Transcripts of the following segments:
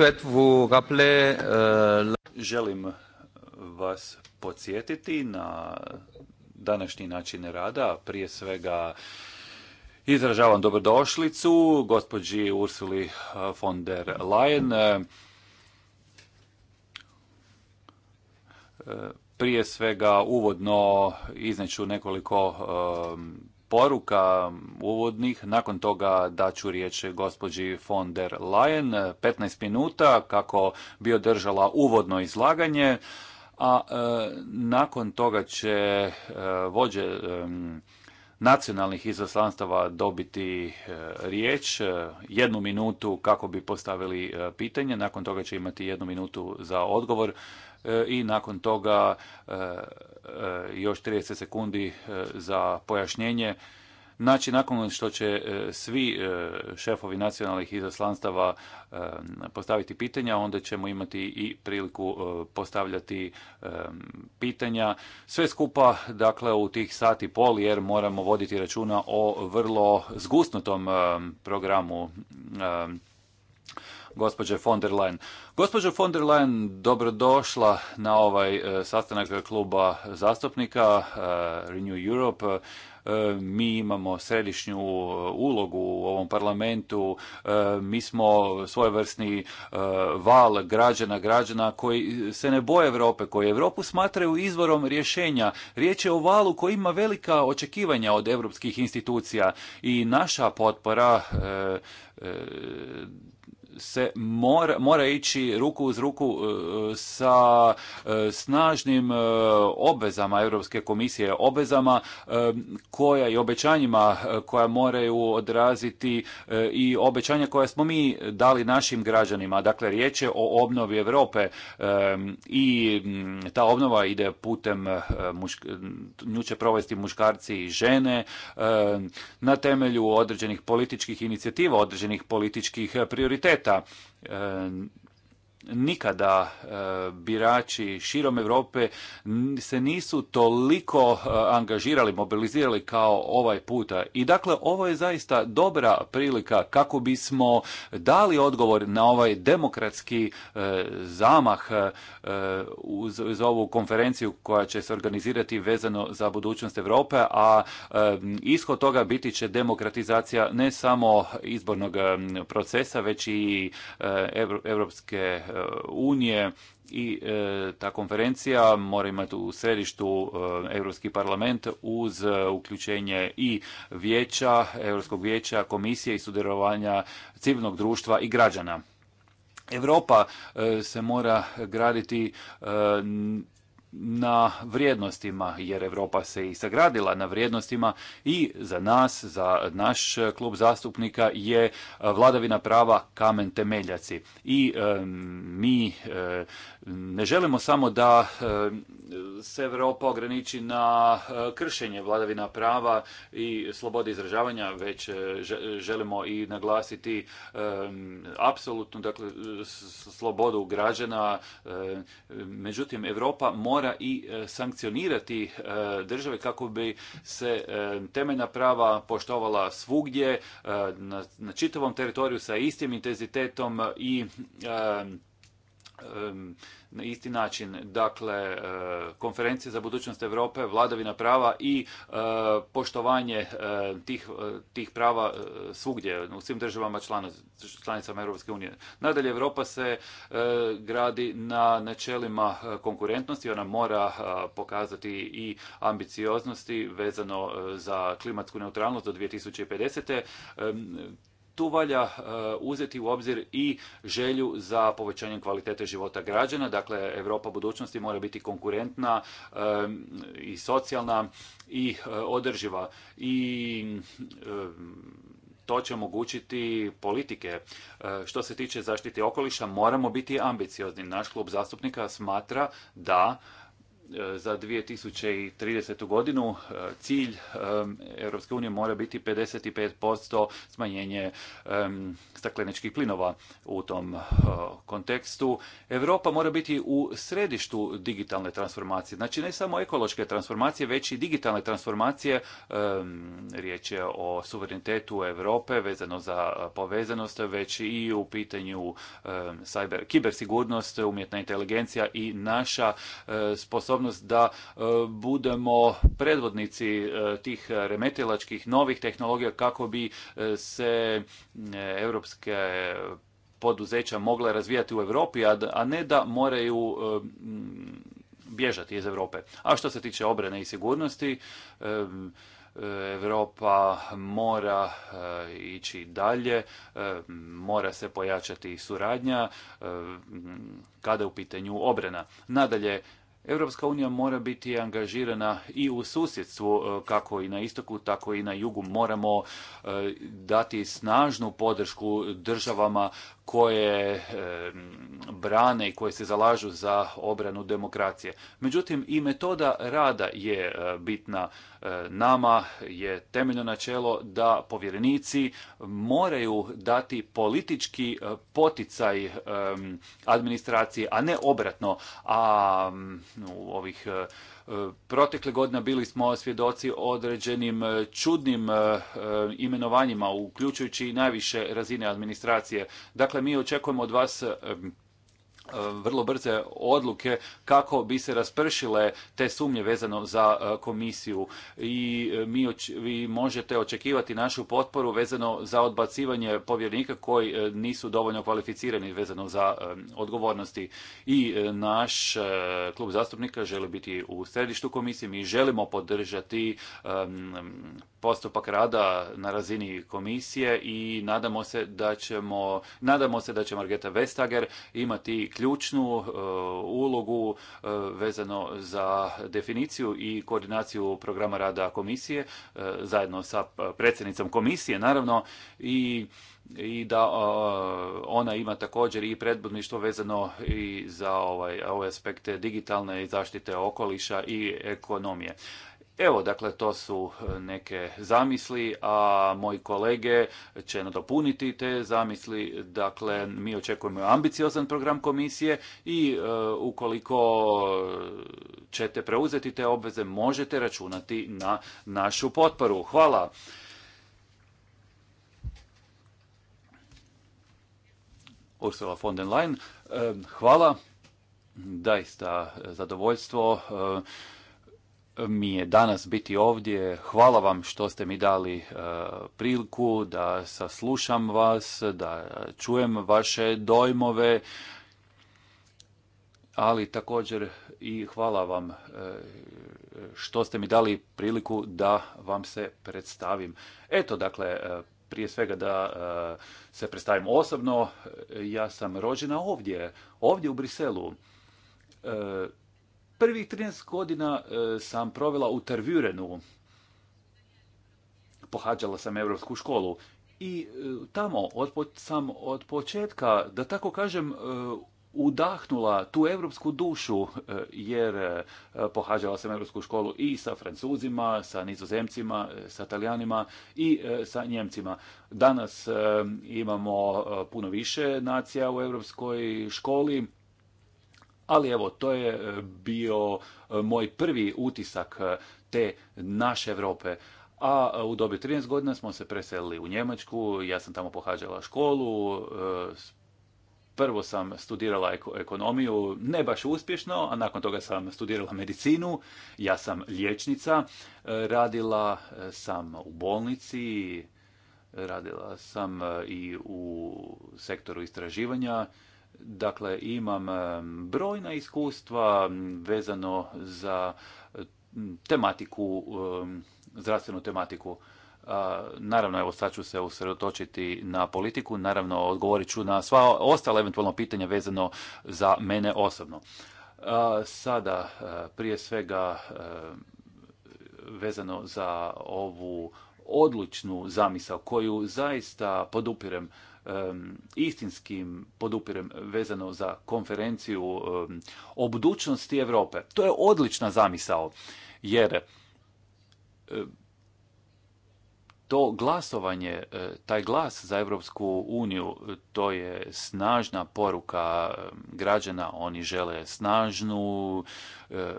Eh, Želim vas podsjetiti na današnji način rada, prije svega izražavam dobrodošlicu gospođi Ursuli eh, von der Leyen. Eh, prije svega uvodno izneću nekoliko poruka uvodnih. Nakon toga daću riječ gospođi von der Leyen, 15 minuta kako bi održala uvodno izlaganje, a e, nakon toga će e, vođe e, nacionalnih izaslanstava dobiti riječ, jednu minutu kako bi postavili pitanje, nakon toga će imati jednu minutu za odgovor i nakon toga E, još 30 sekundi e, za pojašnjenje. Znači, nakon što će e, svi šefovi nacionalnih izaslanstava postaviti pitanja, onda ćemo imati i priliku postavljati pitanja. Sve skupa, dakle, u tih sati pol, jer moramo voditi računa o vrlo zgusnutom programu gospođe von der Leyen. Gospođo von der Leyen, dobrodošla na ovaj e, sastanak kluba zastupnika e, Renew Europe e, mi imamo središnju ulogu u ovom parlamentu, mi smo svojevrsni val građana, građana koji se ne boje Europe, koji Europu smatraju izvorom rješenja. Riječ je o valu koji ima velika očekivanja od europskih institucija i naša potpora se mora, mora ići ruku uz ruku e, sa e, snažnim e, obvezama Europske komisije, obvezama koja i obećanjima koja moraju odraziti i obećanja koja smo mi dali našim građanima. Dakle, riječ je o obnovi Europe i ta obnova ide putem, nju će provesti muškarci i žene na temelju određenih političkih inicijativa, određenih političkih prioriteta uvjeta nikada e, birači širom Europe se nisu toliko e, angažirali, mobilizirali kao ovaj puta. I dakle, ovo je zaista dobra prilika kako bismo dali odgovor na ovaj demokratski e, zamah uz ovu konferenciju koja će se organizirati vezano za budućnost Europe, a ishod toga biti će demokratizacija ne samo izbornog procesa, već i evropske Eh, unije i eh, ta konferencija mora imati u središtu eh, Europski parlament uz uključenje i vijeća, Europskog vijeća, komisije i sudjelovanja civilnog društva i građana. Europa se mora graditi na vrijednostima, jer Europa se i sagradila na vrijednostima i za nas, za naš klub zastupnika je e, vladavina prava kamen temeljaci. I e, mi e, ne želimo samo da eh, se Europa ograniči na eh, kršenje vladavina prava i slobode izražavanja, već eh, želimo i naglasiti apsolutnu dakle, slobodu građana. Međutim, Europa mora i sankcionirati države kako bi se temeljna prava poštovala svugdje, na čitavom teritoriju sa istim intenzitetom i na isti način. Dakle, e, konferencije za budućnost Europe, vladavina prava i e, poštovanje e, tih, tih prava svugdje, u svim državama članicama Europske unije. Nadalje, Europa se gradi na načelima konkurentnosti, ona mora pokazati i ambicioznosti vezano za klimatsku neutralnost do 2050 tu valja e, uzeti u obzir i želju za povećanjem kvalitete života građana. Dakle, Europa budućnosti mora biti konkurentna e, i socijalna i e, održiva. I to će omogućiti politike. Što se tiče zaštite okoliša, moramo biti ambiciozni. Naš klub zastupnika smatra da E, za 2030. godinu e, cilj e, Europske unije mora biti 55% smanjenje stakleničkih plinova u tom kontekstu. Europa mora biti u središtu digitalne transformacije, znači ne samo ekološke transformacije, već i digitalne transformacije. Riječ je o suverenitetu Europe vezano za povezanost, već i u pitanju cyber, kibersigurnost, umjetna inteligencija i naša sposobnost da e, budemo predvodnici e, tih remetilačkih novih tehnologija kako bi e, se europske poduzeća mogla razvijati u Europi, a ne da moraju bježati iz Europe. A što se tiče obrane i sigurnosti, Europa mora ići dalje, mora se pojačati suradnja kada je u pitanju obrana. Nadalje, Europska unija mora biti angažirana i u susjedstvu e, kako i na istoku tako i na jugu moramo e, dati snažnu podršku državama koje e, brane i koje se zalažu za obranu demokracije. Međutim, i metoda rada je e, bitna e, nama, je temeljno načelo da povjerenici moraju dati politički poticaj administraciji, a ne obratno. A u ovih Protekle godine bili smo svjedoci određenim e, čudnim e, e, imenovanjima, uključujući i najviše razine administracije. Dakle, mi očekujemo od vas E, vrlo brze odluke kako bi se raspršile te sumnje vezano za e, komisiju i e, mi vi možete očekivati našu potporu vezano za odbacivanje povjerenika koji nisu dovoljno kvalificirani vezano za odgovornosti i naš klub zastupnika želi biti u središtu komisije mi želimo podržati postupak rada na razini komisije i nadamo se da ćemo, nadamo se da će Margeta Vestager imati ključnu e, ulogu e, vezano za definiciju i koordinaciju programa rada komisije e, zajedno sa predsjednicom komisije naravno i i da ona ima također i predbudništvo vezano i za ovaj, ove aspekte digitalne i zaštite okoliša i ekonomije. Evo, dakle, to su e, neke zamisli, a moji kolege će nadopuniti te zamisli. Dakle, mi očekujemo ambiciozan program komisije i e, ukoliko ćete preuzeti te obveze, možete računati na našu potporu. Hvala. Ursula von den Leyen, e, hvala. Daista zadovoljstvo mi je danas biti ovdje. Hvala vam što ste mi dali e, priliku da saslušam vas, da čujem vaše dojmove, ali također i hvala vam e, što ste mi dali priliku da vam se predstavim. Eto, dakle, e, prije svega da se predstavim osobno, ja sam rođena ovdje, ovdje u Briselu Prvih 13 godina e, sam provela u Tervurenu, Pohađala sam europsku školu i e, tamo sam od početka, da tako kažem, e, udahnula tu europsku dušu jer pohađala sam europsku školu i sa Francuzima, sa Nizozemcima, sa italijanima i sa Njemcima. Danas imamo puno više nacija u europskoj školi ali evo, to je e, bio e, moj prvi utisak e, te naše Europe. A u dobi 13 godina smo se preselili u Njemačku, ja sam tamo pohađala školu, prvo sam studirala ekonomiju, ne baš uspješno, a nakon toga sam studirala medicinu, ja sam liječnica, radila sam u bolnici, radila sam i u sektoru istraživanja Dakle, imam e, brojna iskustva vezano za e, tematiku, e, zdravstvenu tematiku. Naravno, evo sad ću se usredotočiti na politiku, naravno odgovorit ću na sva ostala eventualno pitanja vezano za mene osobno. Sada, prije svega, vezano za ovu odlučnu zamisao koju zaista podupirem istinskim podupirem vezano za konferenciju o budućnosti Europe. To je odlična zamisao jer to glasovanje, e, taj glas za Europsku uniju, e, to je snažna poruka građana. Oni žele snažnu, e,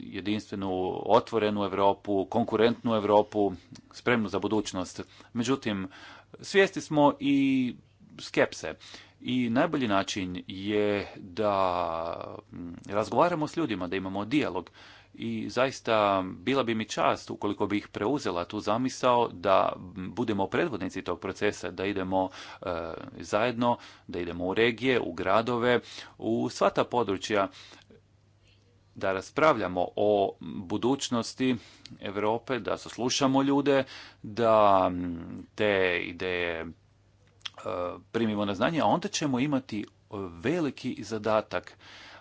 jedinstvenu, otvorenu Europu, konkurentnu Europu, spremnu za budućnost. Međutim, Svijesti smo i skepse. I najbolji način je da mm, razgovaramo s ljudima, da imamo dijalog. I zaista bila bi mi čast ukoliko bih preuzela tu zamisao da budemo predvodnici tog procesa, da idemo e, zajedno, da idemo u regije, u gradove, u sva ta područja da raspravljamo o budućnosti Europe, da saslušamo ljude, da te ideje e, primimo na znanje, a onda ćemo imati veliki zadatak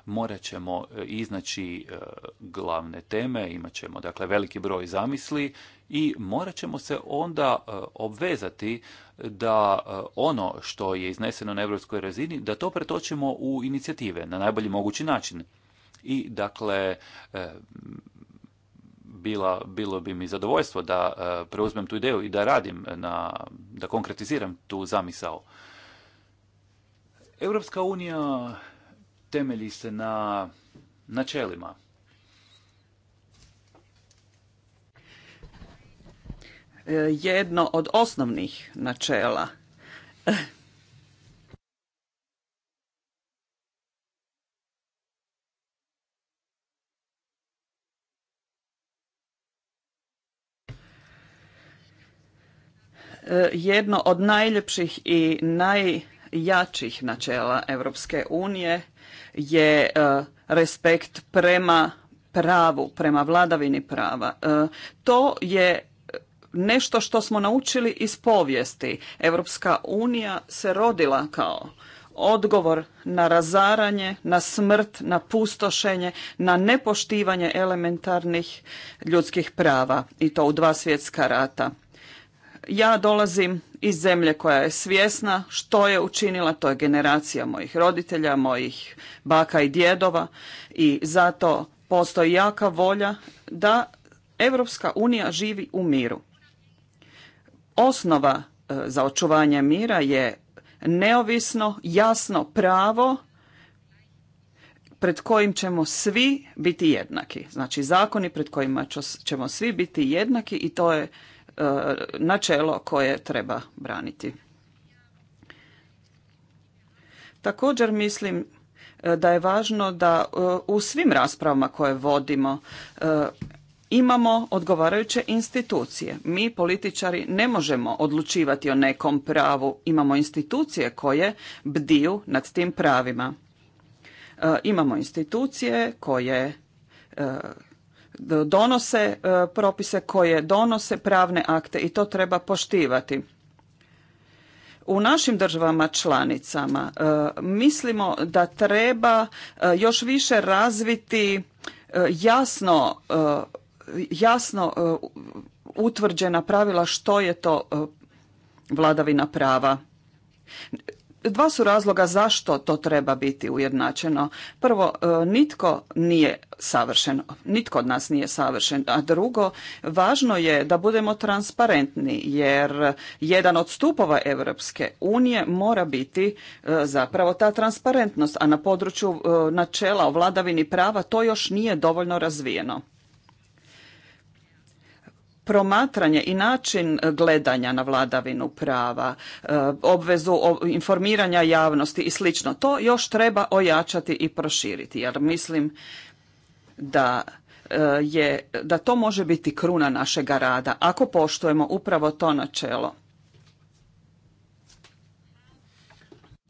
morat ćemo e, iznaći e, glavne teme, imat ćemo dakle, veliki broj zamisli i morat ćemo se onda obvezati da ono što je izneseno na europskoj razini, da to pretočimo u inicijative na najbolji mogući način. I dakle, e, bila, bilo bi mi zadovoljstvo da e, preuzmem tu ideju i da radim na, da konkretiziram tu zamisao. Europska unija temelji se na načelima. E, jedno od osnovnih načela jedno od najljepših i najjačih načela Europske unije je e, respekt prema pravu, prema vladavini prava. E, to je nešto što smo naučili iz povijesti. Europska unija se rodila kao odgovor na razaranje, na smrt, na pustošenje, na nepoštivanje elementarnih ljudskih prava i to u dva svjetska rata. Ja dolazim iz zemlje koja je svjesna što je učinila, to je generacija mojih roditelja, mojih baka i djedova i zato postoji jaka volja da Europska unija živi u miru. Osnova e, za očuvanje mira je neovisno, jasno pravo pred kojim ćemo svi biti jednaki. Znači zakoni pred kojima ćemo svi biti jednaki i to je načelo koje treba braniti. Također mislim e, da je važno da e, u svim raspravama koje vodimo e, imamo odgovarajuće institucije. Mi političari ne možemo odlučivati o nekom pravu, imamo institucije koje bdiju nad tim pravima. Imamo institucije koje donose e, propise koje donose pravne akte i to treba poštivati. U našim državama članicama e, mislimo da treba e, još više razviti jasno jasno utvrđena pravila što je to vladavina prava. Dva su razloga zašto to treba biti ujednačeno. Prvo, e, nitko nije savršen, nitko od nas nije savršen, a drugo, važno je da budemo transparentni jer jedan od stupova Europske unije mora biti e, zapravo ta transparentnost, a na području e, načela o vladavini prava to još nije dovoljno razvijeno promatranje i način gledanja na vladavinu prava, e, obvezu informiranja javnosti i slično. To još treba ojačati i proširiti jer mislim da e, je da to može biti kruna našega rada ako poštujemo upravo to načelo.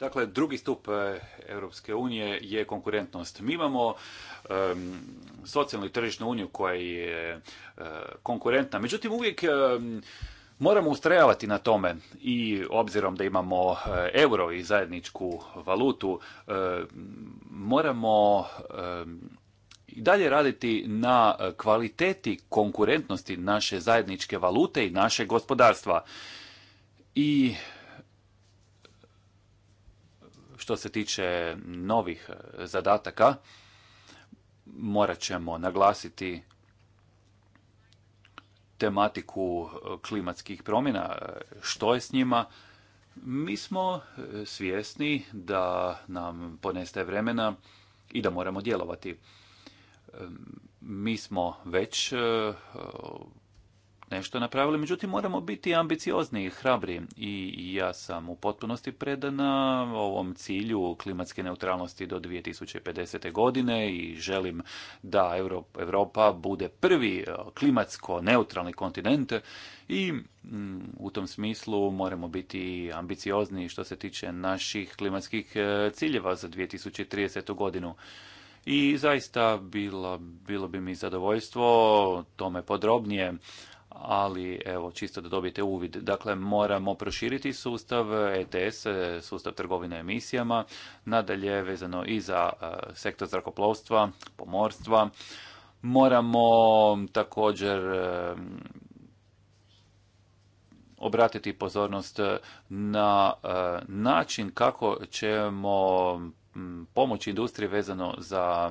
Dakle, drugi stup e, Europske unije je konkurentnost. Mi imamo socijalnu i tržišnu uniju koja je e, konkurentna. Međutim, uvijek moramo ustrajavati na tome i obzirom da imamo e, euro i zajedničku valutu, e, moramo i dalje raditi na kvaliteti konkurentnosti naše zajedničke valute i naše gospodarstva. I što se tiče novih zadataka, morat ćemo naglasiti tematiku e, klimatskih promjena, e, što je s njima. Mi smo e, svjesni da nam ponestaje vremena i da moramo djelovati. Mi smo već nešto napravili, međutim moramo biti ambiciozni i hrabri i ja sam u potpunosti predana ovom cilju klimatske neutralnosti do 2050. godine i želim da Europa bude prvi klimatsko neutralni kontinent i u tom smislu moramo biti ambiciozni što se tiče naših klimatskih e, ciljeva za 2030. godinu. I zaista bilo, bilo bi mi zadovoljstvo tome podrobnije ali evo čisto da dobijete uvid. Dakle, moramo proširiti sustav ETS, sustav trgovine emisijama, nadalje vezano i za e, sektor zrakoplovstva, pomorstva. Moramo također e, obratiti pozornost na e, način kako ćemo pomoći industriji vezano za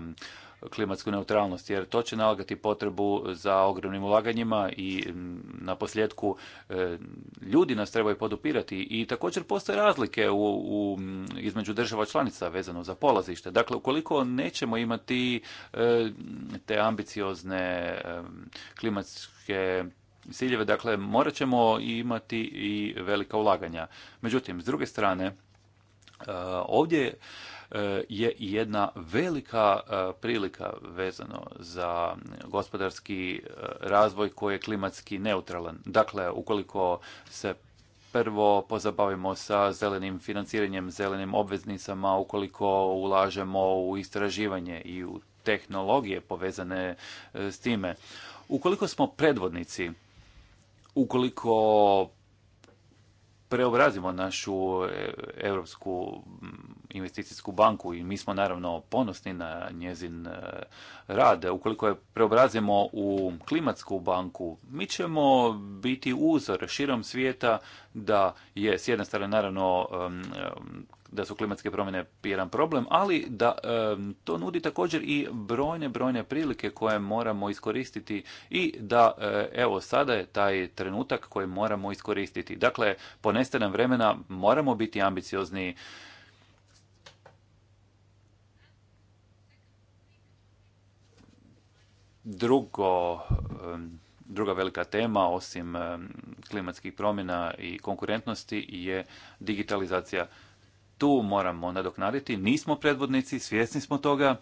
klimatsku neutralnost, jer to će nalagati potrebu za ogromnim ulaganjima i na posljedku e, ljudi nas trebaju podupirati i također postoje razlike u, između država članica vezano za polazište. Dakle, ukoliko nećemo imati e, te ambiciozne e, klimatske ciljeve, dakle, morat ćemo imati i velika ulaganja. Međutim, s druge strane, ovdje E, je jedna velika e, prilika vezano za gospodarski e, razvoj koji je klimatski neutralan. Dakle, ukoliko se prvo pozabavimo sa zelenim financiranjem, zelenim obveznicama, ukoliko ulažemo u istraživanje i u tehnologije povezane s time. Ukoliko smo predvodnici, ukoliko preobrazimo našu europsku investicijsku banku i mi smo naravno ponosni na njezin e, rad. Ukoliko je preobrazimo u klimatsku banku, mi ćemo biti uzor širom svijeta da je s jedne strane naravno da su klimatske promjene jedan problem, ali da to nudi također i brojne, brojne prilike koje moramo iskoristiti i da e, evo sada je taj trenutak koji moramo iskoristiti. Dakle, po nam vremena, moramo biti ambiciozni, Drugo, druga velika tema osim klimatskih promjena i konkurentnosti je digitalizacija. Tu moramo nadoknaditi, nismo predvodnici, svjesni smo toga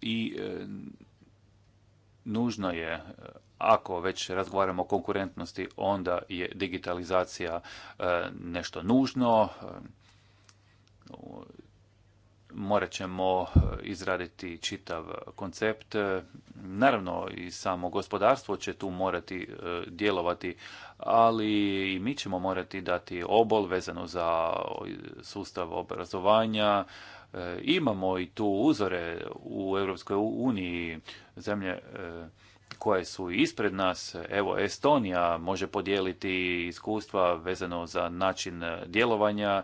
i nužno je ako već razgovaramo o konkurentnosti, onda je digitalizacija nešto nužno morat ćemo e, izraditi čitav koncept. E, naravno i samo gospodarstvo će tu morati e, djelovati, ali i mi ćemo morati dati obol vezano za sustav obrazovanja. Imamo i tu uzore u Europskoj uniji zemlje koje su ispred nas, evo Estonija može podijeliti iskustva vezano za način djelovanja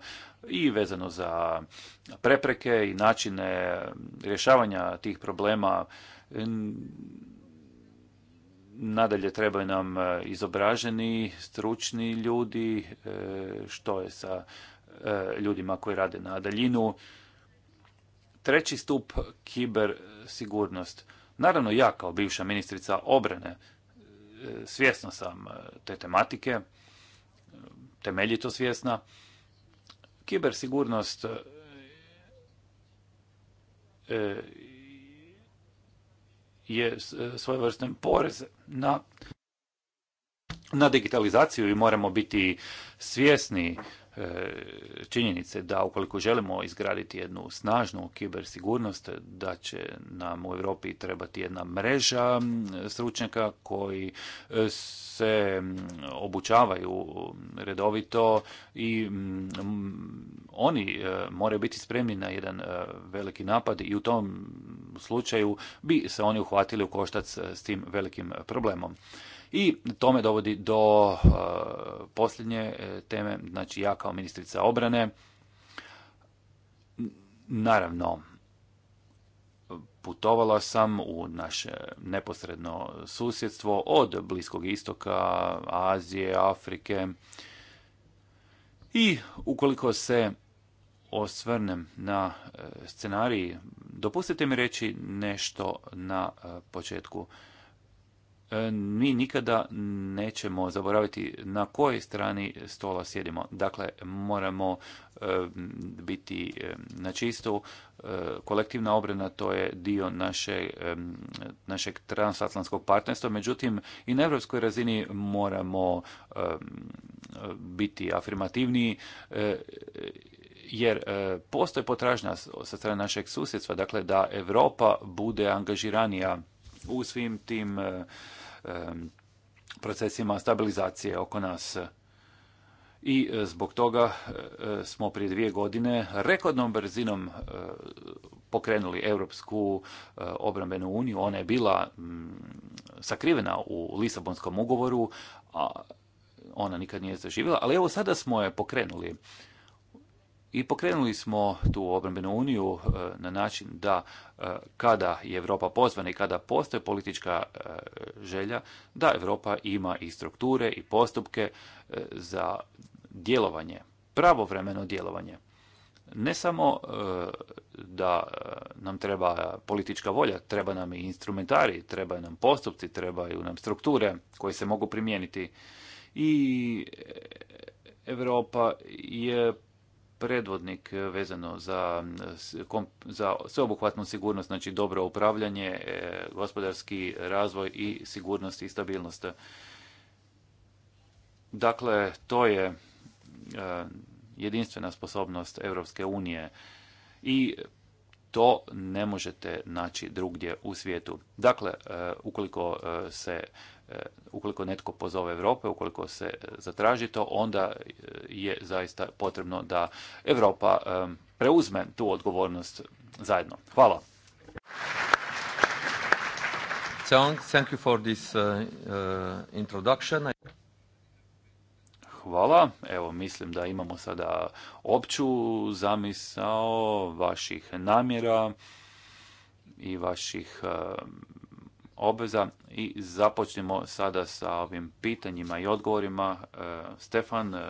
i vezano za prepreke i načine rješavanja tih problema. Nadalje trebaju nam e, izobraženi, stručni ljudi, e, što je sa e, ljudima koji rade na daljinu. Treći stup, kibersigurnost. Naravno, ja kao bivša ministrica obrane e, svjesna sam e, te tematike, e, temeljito svjesna. Kibersigurnost je svojevrstan porez na, na digitalizaciju i moramo biti svjesni činjenice da ukoliko želimo izgraditi jednu snažnu kibersigurnost, da će nam u Europi trebati jedna mreža stručnjaka koji e, se obučavaju redovito i oni e, moraju biti spremni na jedan e, veliki napad i u tom slučaju bi se oni uhvatili u koštac s tim velikim problemom. I to me dovodi do e, posljednje e, teme, znači ja kao ministrica obrane, naravno, putovala sam u naše neposredno susjedstvo od Bliskog istoka, Azije, Afrike. I ukoliko se osvrnem na e, scenarij, dopustite mi reći nešto na početku. E, mi nikada nećemo zaboraviti na kojoj strani stola sjedimo. Dakle, moramo e, biti e, na čistu. Kolektivna obrana to je dio naše, našeg transatlantskog partnerstva, međutim i na Europskoj razini moramo biti afirmativniji jer postoje potražnja sa strane našeg susjedstva, dakle da Europa bude angažiranija u svim tim e, e, procesima stabilizacije oko nas. I e, zbog toga smo prije dvije godine rekordnom brzinom pokrenuli Europsku obrambenu uniju. Ona je bila sakrivena u Lisabonskom ugovoru, a ona nikad nije zaživjela, ali evo sada smo je pokrenuli. I pokrenuli smo tu obrambenu uniju e, na način da e, kada je Europa pozvana i kada postoje politička e, želja, da Europa ima i strukture i postupke za djelovanje, pravovremeno djelovanje. Ne samo da nam treba politička volja, treba nam i instrumentari, treba nam postupci, trebaju nam strukture koje se mogu primijeniti. I Europa je predvodnik e, vezano za, za sveobuhvatnu sigurnost, znači dobro upravljanje, e, gospodarski razvoj i sigurnost i stabilnost. Dakle, to je e, jedinstvena sposobnost Europske unije i to ne možete naći drugdje u svijetu. Dakle, e, ukoliko e, se e, ukoliko netko pozove Europe, ukoliko se zatraži to, onda je zaista potrebno da Europa preuzme tu odgovornost zajedno. Hvala. Thank you for this introduction. Hvala. Evo, mislim da imamo sada opću zamisao vaših namjera i vaših e, obveza i započnemo sada sa ovim pitanjima i odgovorima. E, Stefan e,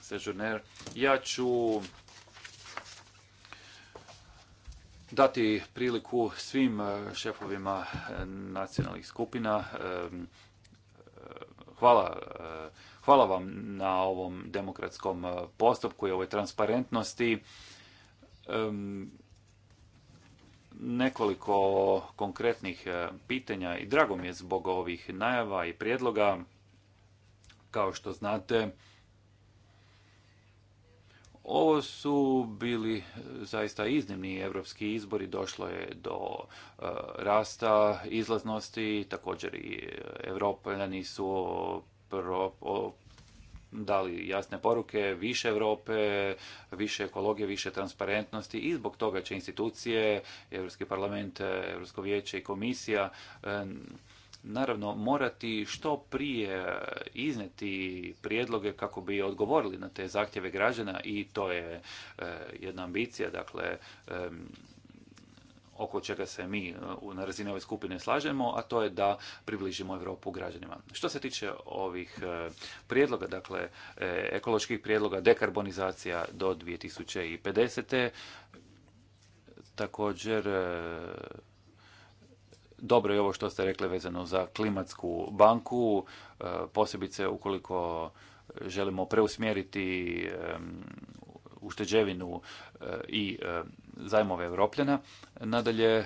Sežurner, ja ću dati priliku svim šefovima nacionalnih skupina. Hvala Hvala vam na ovom demokratskom e, postupku i ovoj transparentnosti. nekoliko konkretnih e, pitanja i drago mi je zbog ovih najava i prijedloga. Kao što znate, ovo su bili e, zaista iznimni evropski izbori, došlo je do rasta izlaznosti, također i evropljani su dali jasne poruke, više Europe, više ekologije, više transparentnosti i zbog toga će institucije, Europski parlament, Europsko vijeće i komisija naravno morati što prije izneti prijedloge kako bi odgovorili na te zahtjeve građana i to je eh, jedna ambicija, dakle oko čega se mi e, na razini ove skupine slažemo, a to je da približimo Europu građanima. Što se tiče ovih e, prijedloga, dakle e, ekoloških prijedloga, dekarbonizacija do 2050. Također, dobro je ovo što ste rekli vezano za klimatsku banku, posebice ukoliko želimo preusmjeriti ušteđevinu i zajmove Europljana. Nadalje,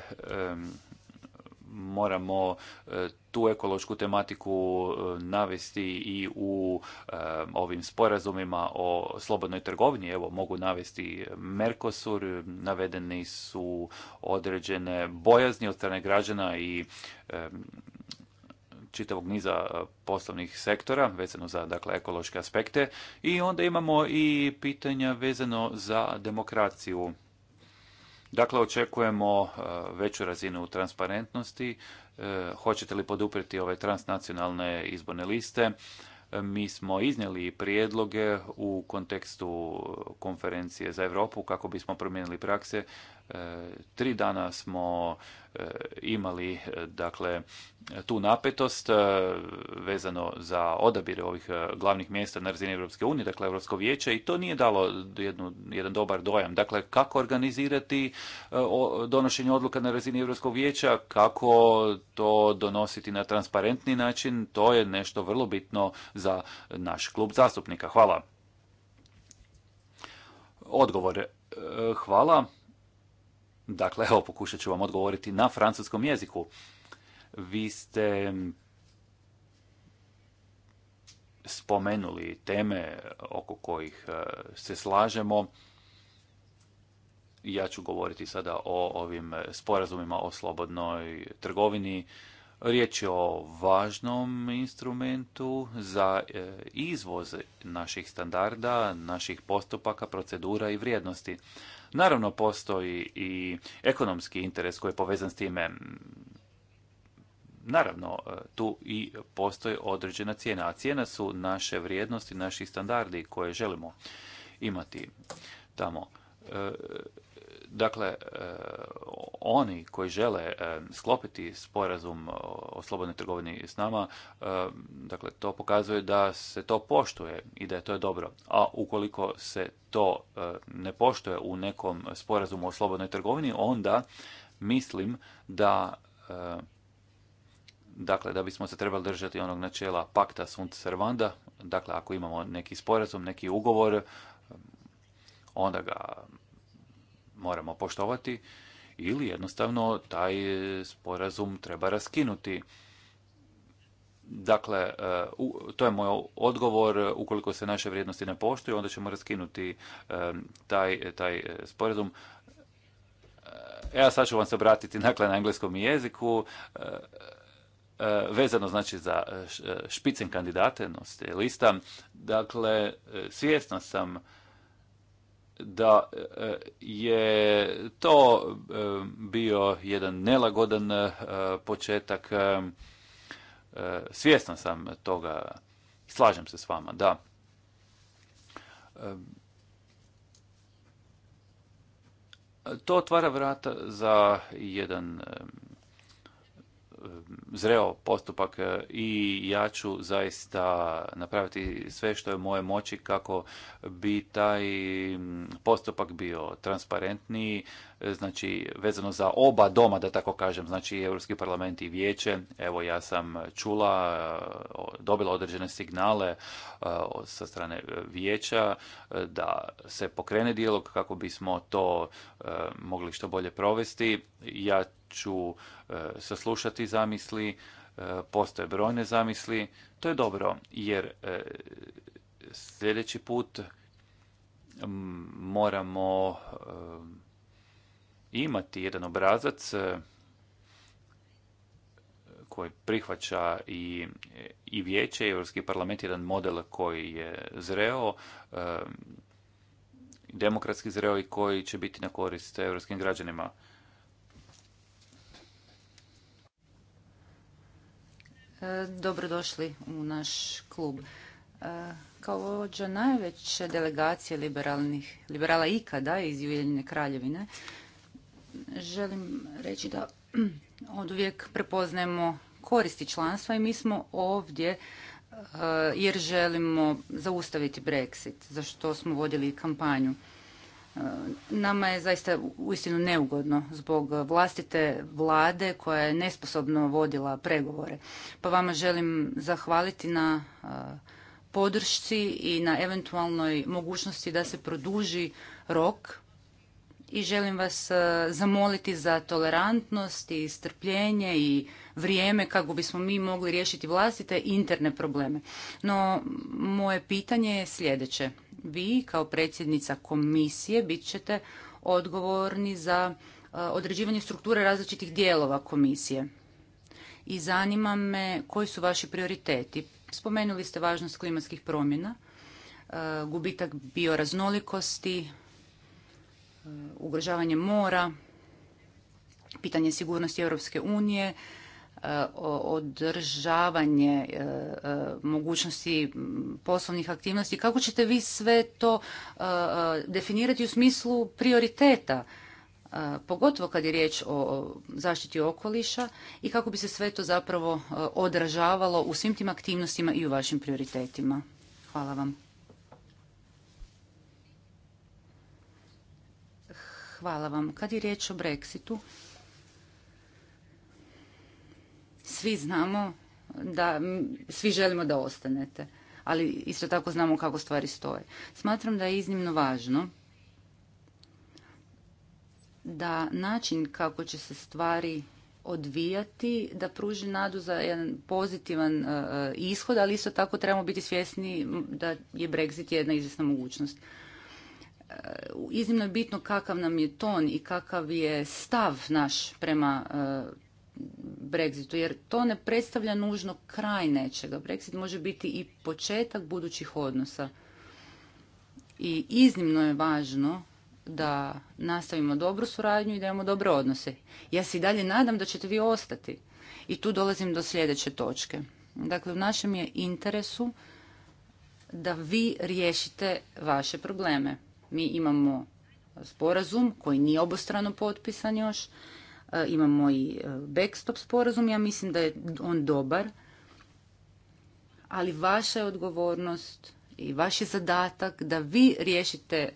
moramo e, tu ekološku tematiku e, navesti i u e, ovim sporazumima o slobodnoj trgovini. Evo, mogu navesti Mercosur, navedeni su određene bojazni od strane građana i čitavog niza poslovnih sektora vezano za dakle ekološke aspekte i onda imamo i pitanja vezano za demokraciju Dakle, očekujemo e, veću razinu transparentnosti. E, hoćete li poduprijeti ove transnacionalne izborne liste? E, mi smo iznijeli prijedloge u kontekstu konferencije za Europu kako bismo promijenili prakse. Tri dana smo E, imali e, dakle tu napetost e, vezano za odabire ovih glavnih mjesta na razini Europske unije, dakle Europsko vijeća i to nije dalo jednu, jedan dobar dojam. Dakle, kako organizirati donošenje odluka na razini Europskog vijeća, kako to donositi na transparentni način, to je nešto vrlo bitno za naš klub zastupnika. Hvala. Odgovor. Hvala. Dakle, evo, pokušat ću vam odgovoriti na francuskom jeziku. Vi ste spomenuli teme oko kojih e, se slažemo. Ja ću govoriti sada o ovim sporazumima o slobodnoj trgovini. Riječ je o važnom instrumentu za e, izvoz naših standarda, naših postupaka, procedura i vrijednosti. Naravno, postoji i ekonomski interes koji je povezan s time. Naravno, e, tu i postoji određena cijena, a cijena su naše vrijednosti, naši standardi koje želimo imati tamo. E, Dakle, e, oni koji žele e, sklopiti sporazum o slobodnoj trgovini s nama, e, dakle, to pokazuje da se to poštuje i da je to dobro. A ukoliko se to ne poštuje u nekom sporazumu o slobodnoj trgovini, onda mislim da dakle da bismo se trebali držati onog načela pakta sunt servanda, dakle ako imamo neki sporazum, neki ugovor, onda ga moramo poštovati ili jednostavno taj e, sporazum treba raskinuti. Dakle, e, to je moj odgovor, e, ukoliko se naše vrijednosti ne poštuju, onda ćemo raskinuti taj, taj sporazum. Ja sad ću vam se obratiti dakle, na engleskom jeziku. Vezano znači za špicen kandidate lista. Dakle, svjesna sam da e, je to e, bio jedan nelagodan e, početak. Svjestan sam toga, slažem se s vama, da. To otvara vrata za jedan zreo postupak e, i ja ću zaista napraviti sve što je moje moći kako bi taj postupak bio transparentniji, e, znači vezano za oba doma, da tako kažem, znači Europski parlament i vijeće. Evo ja sam čula, e, dobila određene signale sa strane vijeća da se pokrene dijalog kako bismo to mogli što bolje provesti. Ja ću e, saslušati zamisli, e, postoje brojne zamisli. To je dobro jer e, sljedeći put moramo imati jedan obrazac koji prihvaća i, i vijeće, i Europski parlament, jedan model koji je zreo, demokratski zreo i koji će biti na korist europskim građanima. E, dobrodošli u naš klub. E, kao vođa najveće delegacije liberalnih, liberala ikada iz Ujedinjene kraljevine, želim reći da od uvijek prepoznajemo koristi članstva i mi smo ovdje e, jer želimo zaustaviti Brexit, za što smo vodili kampanju. Nama je zaista uistinu neugodno zbog vlastite vlade koja je nesposobno vodila pregovore. Pa vama želim zahvaliti na e, podršci i na eventualnoj mogućnosti da se produži rok i želim vas e, zamoliti za tolerantnost i strpljenje i vrijeme kako bismo mi mogli riješiti vlastite interne probleme. No, moje pitanje je sljedeće. Vi kao predsjednica komisije bit ćete odgovorni za e, određivanje strukture različitih dijelova komisije. I zanima me koji su vaši prioriteti. Spomenuli ste važnost klimatskih promjena, e, gubitak bioraznolikosti, E, ugrožavanje mora, pitanje sigurnosti Europske unije, e, održavanje e, mogućnosti poslovnih aktivnosti. Kako ćete vi sve to definirati u smislu prioriteta? pogotovo kad je riječ o zaštiti okoliša i kako bi se sve to zapravo odražavalo u svim tim aktivnostima i u vašim prioritetima. Hvala vam. Hvala vam. Kad je riječ o Brexitu, svi znamo da svi želimo da ostanete, ali isto tako znamo kako stvari stoje. Smatram da je iznimno važno da način kako će se stvari odvijati, da pruži nadu za jedan pozitivan e, e, ishod, ali isto tako trebamo biti svjesni da je Brexit jedna izvjesna mogućnost. E, iznimno je bitno kakav nam je ton i kakav je stav naš prema e, Brexitu, jer to ne predstavlja nužno kraj nečega. Brexit može biti i početak budućih odnosa. I iznimno je važno da nastavimo dobru suradnju i da imamo dobre odnose. Ja se i dalje nadam da ćete vi ostati. I tu dolazim do sljedeće točke. Dakle, u našem je interesu da vi riješite vaše probleme. Mi imamo sporazum koji nije obostrano potpisan još. E, imamo i e, backstop sporazum. Ja mislim da je on dobar. Ali vaša je odgovornost i vaš je zadatak da vi riješite e,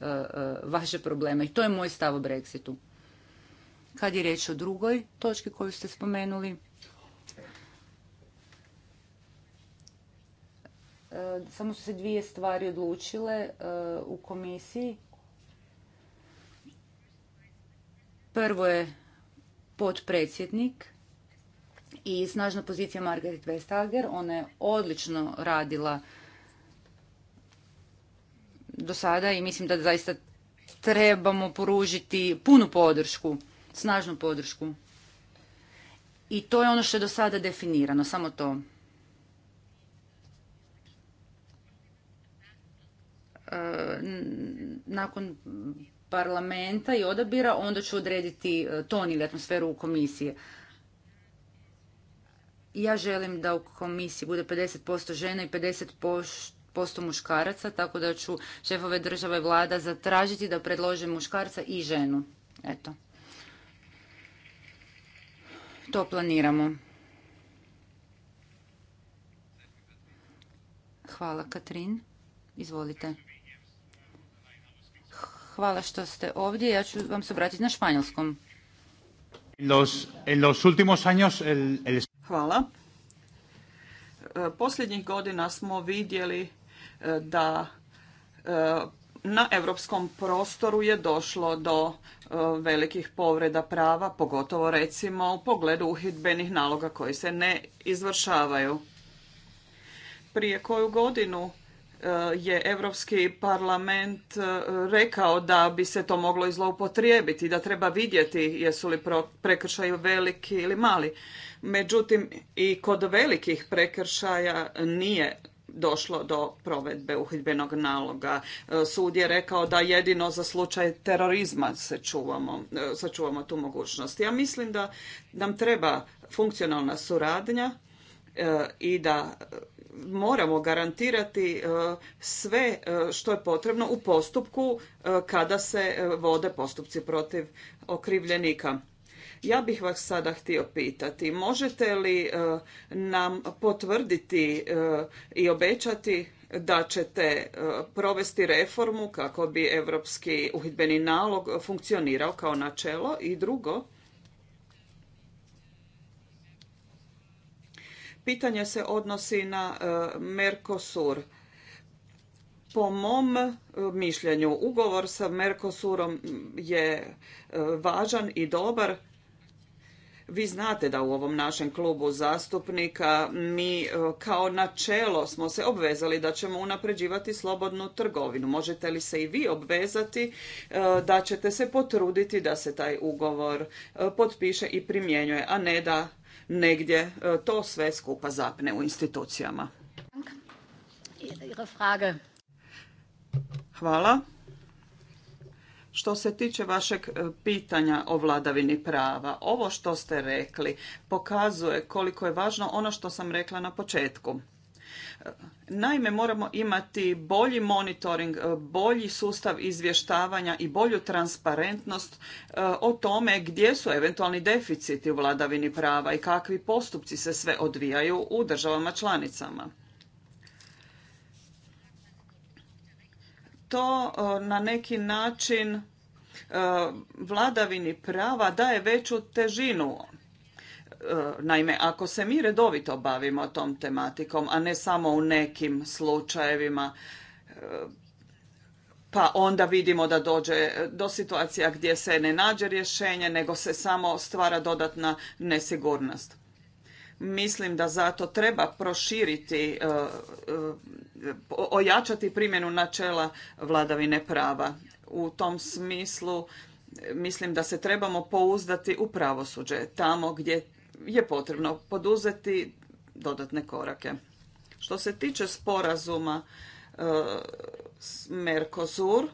vaše probleme. I to je moj stav o Brexitu. Kad je riječ o drugoj točki koju ste spomenuli, samo su se dvije stvari odlučile u komisiji Prvo je potpredsjednik i snažna pozicija Margaret Vestager. Ona je odlično radila do sada i mislim da zaista trebamo poružiti punu podršku, snažnu podršku. I to je ono što je do sada definirano, samo to. E, nakon parlamenta i odabira, onda ću odrediti e, ton ili atmosferu u komisiji. Ja želim da u komisiji bude 50% žena i 50% muškaraca, tako da ću šefove države vlada zatražiti da predlože muškarca i ženu. Eto. To planiramo. Hvala, Katrin. Izvolite. Hvala što ste ovdje. Ja ću vam se obratiti na španjolskom. Hvala. E, posljednjih godina smo vidjeli e, da e, na europskom prostoru je došlo do velikih povreda prava, pogotovo recimo u pogledu uhidbenih naloga koji se ne izvršavaju. Prije koju godinu Eh, je Europski parlament eh, rekao da bi se to moglo i zloupotrijebiti, da treba vidjeti jesu li prekršaji veliki ili mali. Međutim, i kod velikih prekršaja nije došlo do provedbe uhidbenog naloga. Eh, sud je rekao da jedino za slučaj terorizma čuvamo, sačuvamo tu mogućnost. Ja mislim da nam treba funkcionalna suradnja i da moramo garantirati e, sve e, što je potrebno u postupku e, kada se vode postupci protiv okrivljenika. Ja bih vas sada htio pitati, možete li nam potvrditi i obećati da ćete provesti reformu kako bi europski uhidbeni nalog funkcionirao kao načelo i drugo, pitanje se odnosi na e, Mercosur. Po mom e, mišljenju, ugovor sa Mercosurom je e, važan i dobar. Vi znate da u ovom našem klubu zastupnika mi kao načelo smo se obvezali da ćemo unapređivati slobodnu trgovinu. Možete li se i vi obvezati da ćete se potruditi da se taj ugovor potpiše i primjenjuje, a ne da negdje e, to sve skupa zapne u institucijama. Hvala. Što se tiče vašeg e, pitanja o vladavini prava, ovo što ste rekli pokazuje koliko je važno ono što sam rekla na početku. Naime, moramo imati bolji monitoring, e, bolji sustav izvještavanja i bolju transparentnost e, o tome gdje su eventualni deficiti u vladavini prava i kakvi postupci se sve odvijaju u državama članicama. To e, na neki način vladavini prava daje veću težinu E, naime, ako se mi redovito bavimo tom tematikom, a ne samo u nekim slučajevima, e, pa onda vidimo da dođe do situacija gdje se ne nađe rješenje, nego se samo stvara dodatna nesigurnost. Mislim da zato treba proširiti, e, ojačati primjenu načela vladavine prava. U tom smislu mislim da se trebamo pouzdati u pravosuđe, tamo gdje je potrebno poduzeti dodatne korake. Što se tiče sporazuma e, s Mercosur,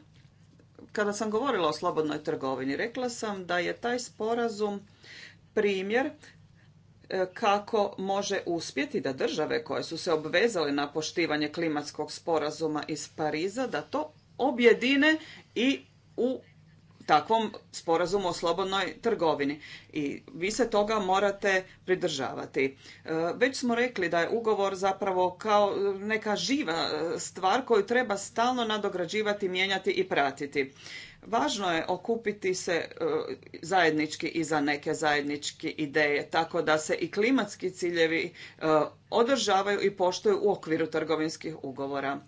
kada sam govorila o slobodnoj trgovini, rekla sam da je taj sporazum primjer e, kako može uspjeti da države koje su se obvezale na poštivanje klimatskog sporazuma iz Pariza, da to objedine i u takvom sporazumu o slobodnoj trgovini i vi se toga morate pridržavati. E, već smo rekli da je ugovor zapravo kao e, neka živa e, stvar koju treba stalno nadograđivati, mijenjati i pratiti. Važno je okupiti se zajednički i za neke zajedničke ideje, tako da se i klimatski ciljevi održavaju i poštuju u okviru trgovinskih ugovora.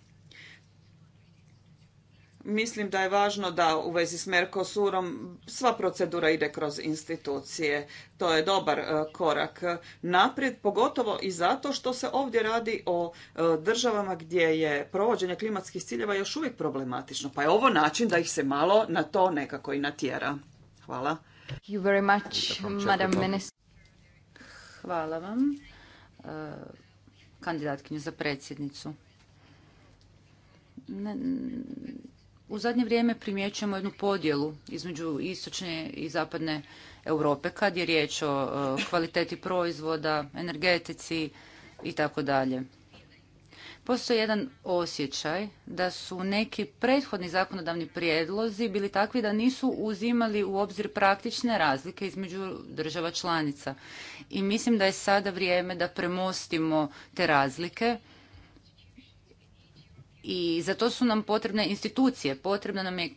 Mislim da je važno da u vezi s Mercosurom sva procedura ide kroz institucije. To je dobar e, korak naprijed, pogotovo i zato što se ovdje radi o e, državama gdje je provođenje klimatskih ciljeva još uvijek problematično. Pa je ovo način da ih se malo na to nekako i natjera. Hvala. Hvala vam, e, kandidatkinju za predsjednicu u zadnje vrijeme primjećujemo jednu podjelu između istočne i zapadne Europe kad je riječ o e, kvaliteti proizvoda, energetici i tako dalje. Postoji jedan osjećaj da su neki prethodni zakonodavni prijedlozi bili takvi da nisu uzimali u obzir praktične razlike između država članica. I mislim da je sada vrijeme da premostimo te razlike i za to su nam potrebne institucije, potrebna nam je e,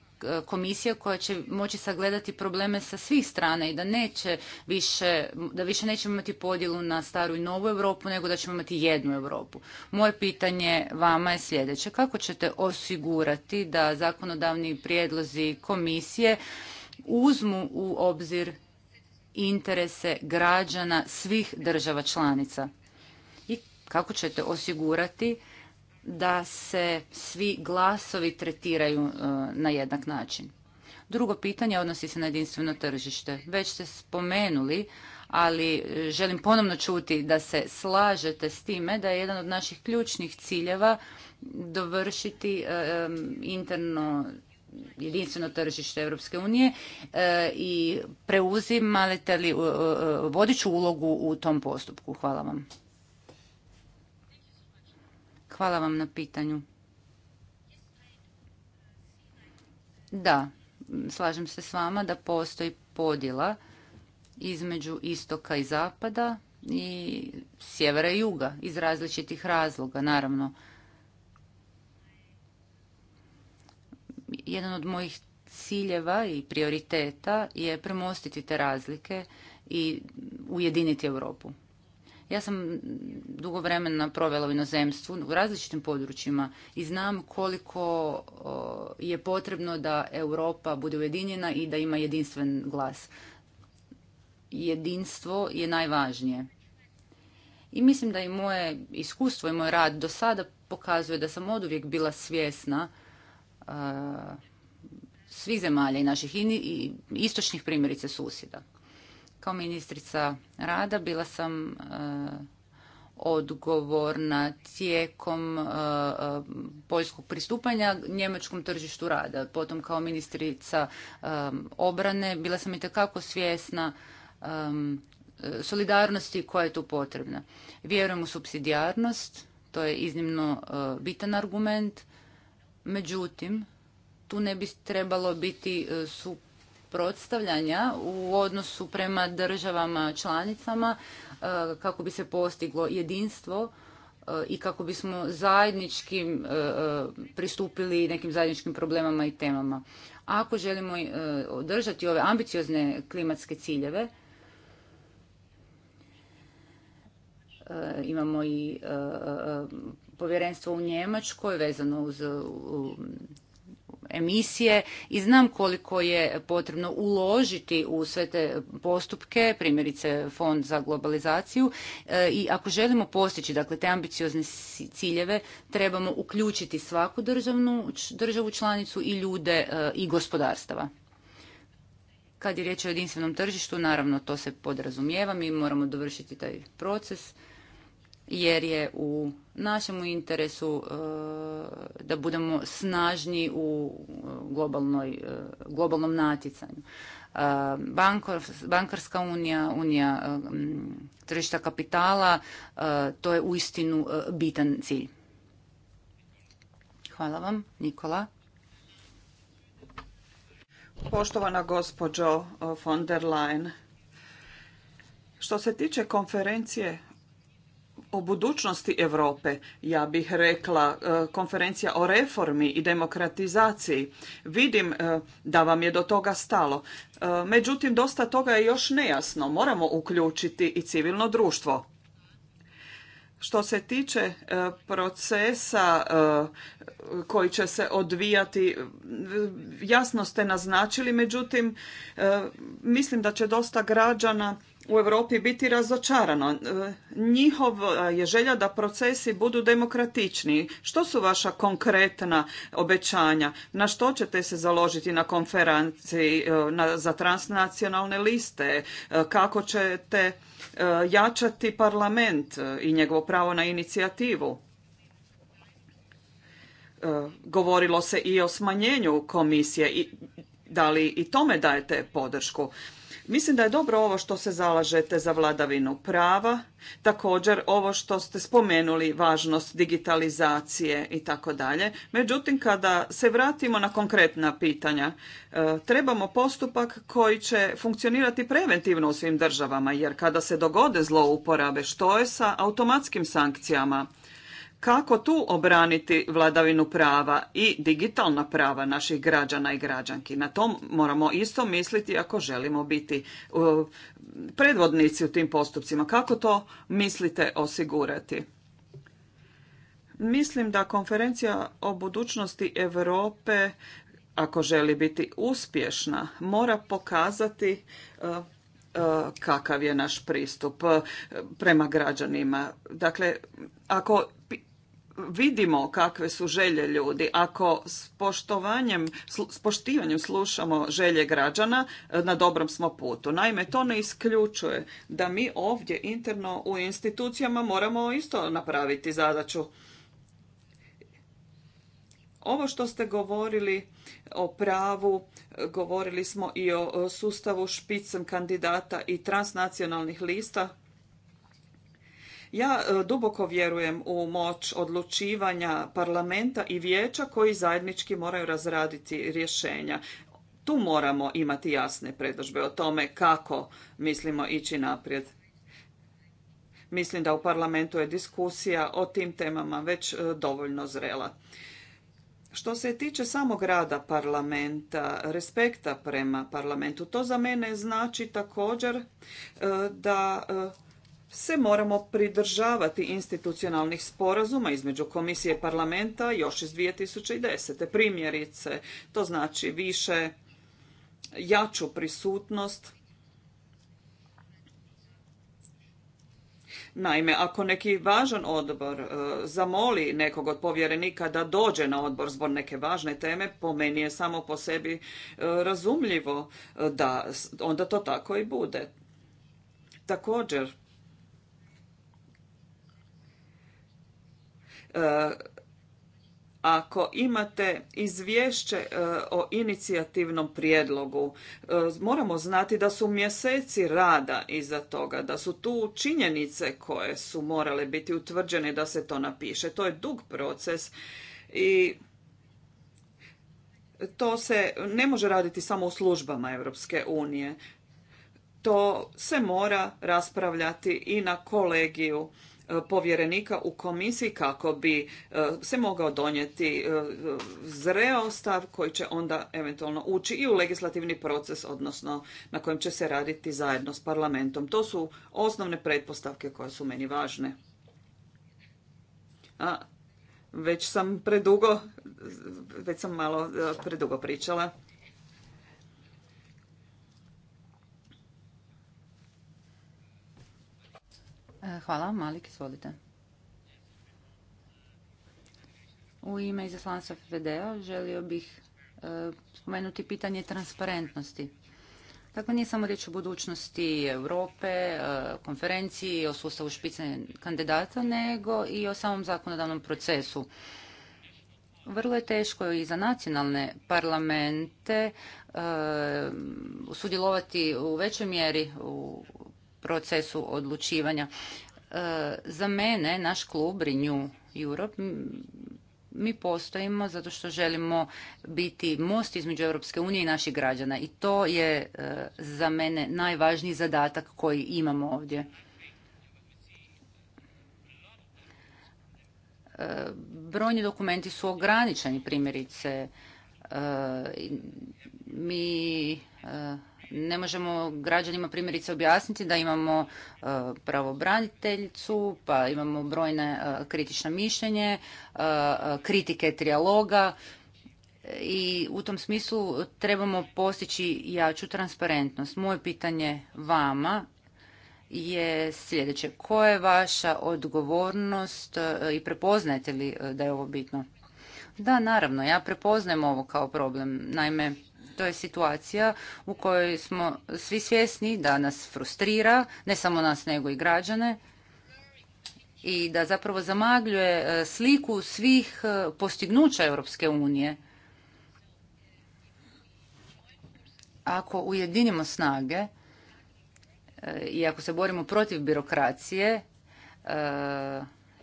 komisija koja će moći sagledati probleme sa svih strana i da neće više, da više nećemo imati podjelu na staru i novu Europu, nego da ćemo imati jednu Europu. Moje pitanje vama je sljedeće. Kako ćete osigurati da zakonodavni prijedlozi komisije uzmu u obzir interese građana svih država članica? I kako ćete osigurati da se svi glasovi tretiraju e, na jednak način. Drugo pitanje odnosi se na jedinstveno tržište. Već ste spomenuli, ali e, želim ponovno čuti da se slažete s time da je jedan od naših ključnih ciljeva dovršiti e, interno jedinstveno tržište Europske unije i preuzimate li vodeću ulogu u tom postupku. Hvala vam. Hvala vam na pitanju. Da, slažem se s vama da postoji podjela između istoka i zapada i sjevera i juga iz različitih razloga, naravno. Jedan od mojih ciljeva i prioriteta je premostiti te razlike i ujediniti Europu. Ja sam dugo vremena provela u inozemstvu u različitim područjima i znam koliko je potrebno da Europa bude ujedinjena i da ima jedinstven glas. Jedinstvo je najvažnije. I mislim da i moje iskustvo i moj rad do sada pokazuje da sam oduvijek bila svjesna svih zemalja i naših i istočnih primjerice susjeda. Kao ministrica rada bila sam e, odgovorna tijekom e, e, poljskog pristupanja njemačkom tržištu rada. Potom kao ministrica obrane bila sam i takako svjesna solidarnosti koja je tu potrebna. Vjerujem u subsidijarnost, to je iznimno bitan argument, međutim tu ne bi trebalo biti su protstavljanja u odnosu prema državama članicama e, kako bi se postiglo jedinstvo e, i kako bismo zajedničkim e, pristupili nekim zajedničkim problemama i temama. Ako želimo održati ove ambiciozne klimatske ciljeve, imamo i povjerenstvo u Njemačkoj vezano uz emisije i znam koliko je potrebno uložiti u sve te postupke, primjerice fond za globalizaciju e, i ako želimo postići dakle te ambiciozne ciljeve trebamo uključiti svaku državnu, državu članicu i ljude e, i gospodarstava. Kad je riječ o jedinstvenom tržištu, naravno to se podrazumijeva, mi moramo dovršiti taj proces jer je u našemu interesu e, da budemo snažni u e, globalnoj, e, globalnom natjecanju. Bankarska unija, unija tržišta kapitala, to je uistinu bitan cilj. Hvala vam, Nikola. Poštovana gospođo von der Leyen, što se tiče konferencije o budućnosti Europe, ja bih rekla e, konferencija o reformi i demokratizaciji. Vidim e, da vam je do toga stalo. E, međutim, dosta toga je još nejasno. Moramo uključiti i civilno društvo. Što se tiče procesa koji će se odvijati, jasno ste naznačili, međutim, mislim da će dosta građana u Europi biti razočarano. E, njihov e, je želja da procesi budu demokratični. Što su vaša konkretna obećanja? Na što ćete se založiti na konferenciji e, za transnacionalne liste? Kako ćete jačati parlament i njegovo pravo na inicijativu? Govorilo se i o smanjenju komisije. Da li i tome dajete podršku? Mislim da je dobro ovo što se zalažete za vladavinu prava, također ovo što ste spomenuli, važnost digitalizacije i tako dalje. Međutim, kada se vratimo na konkretna pitanja, e, trebamo postupak koji će funkcionirati preventivno u svim državama, jer kada se dogode zlouporabe, što je sa automatskim sankcijama? kako tu obraniti vladavinu prava i digitalna prava naših građana i građanki. Na tom moramo isto misliti ako želimo biti e, predvodnici u tim postupcima. Kako to mislite osigurati? Mislim da konferencija o budućnosti Europe ako želi biti uspješna mora pokazati e, e, kakav je naš pristup prema građanima. Dakle, ako vidimo kakve su želje ljudi, ako s, poštovanjem, s poštivanjem slušamo želje građana, e, na dobrom smo putu. Naime, to ne isključuje da mi ovdje interno u institucijama moramo isto napraviti zadaću. Ovo što ste govorili o pravu, e, govorili smo i o sustavu špicem kandidata i transnacionalnih lista. Ja e, duboko vjerujem u moć odlučivanja parlamenta i vijeća koji zajednički moraju razraditi rješenja. Tu moramo imati jasne predložbe o tome kako mislimo ići naprijed. Mislim da u parlamentu je diskusija o tim temama već e, dovoljno zrela. Što se tiče samog rada parlamenta, respekta prema parlamentu, to za mene znači također e, da se moramo pridržavati institucionalnih sporazuma između komisije i parlamenta još iz 2010. Primjerice, to znači više jaču prisutnost. Naime, ako neki važan odbor e, zamoli nekog od povjerenika da dođe na odbor zbog neke važne teme, po meni je samo po sebi e, razumljivo e, da onda to tako i bude. Također, E, ako imate izvješće e, o inicijativnom prijedlogu, e, moramo znati da su mjeseci rada iza toga, da su tu činjenice koje su morale biti utvrđene da se to napiše. To je dug proces i to se ne može raditi samo u službama Europske unije. To se mora raspravljati i na kolegiju E, povjerenika u komisiji kako bi e, se mogao donijeti e, zreo stav koji će onda eventualno ući i u legislativni proces, odnosno na kojem će se raditi zajedno s parlamentom. To su osnovne pretpostavke koje su meni važne. A, već sam predugo, već sam malo predugo pričala. E, hvala. Malik, izvolite. U ime izaslanstva FVD-a želio bih e, spomenuti pitanje transparentnosti. Dakle, nije samo riječ o budućnosti Europe, e, konferenciji, o sustavu špice kandidata, nego i o samom zakonodavnom procesu. Vrlo je teško i za nacionalne parlamente sudjelovati u većoj mjeri u procesu odlučivanja. E, za mene, naš klub Renew Europe, mi postojimo zato što želimo biti most između Europske unije i naših građana i to je e, za mene najvažniji zadatak koji imamo ovdje. E, brojni dokumenti su ograničeni, primjerice mi ne možemo građanima primjerice objasniti da imamo e, pravobraniteljicu, pa imamo brojne e, kritična mišljenje, e, kritike trijaloga i u tom smislu trebamo postići jaču transparentnost. Moje pitanje vama je sljedeće. Koja je vaša odgovornost i prepoznajete li da je ovo bitno? Da, naravno, ja prepoznajem ovo kao problem. Naime, to je situacija u kojoj smo svi svjesni da nas frustrira, ne samo nas nego i građane i da zapravo zamagljuje e, sliku svih e, postignuća Europske unije. Ako ujedinimo snage e, i ako se borimo protiv birokracije,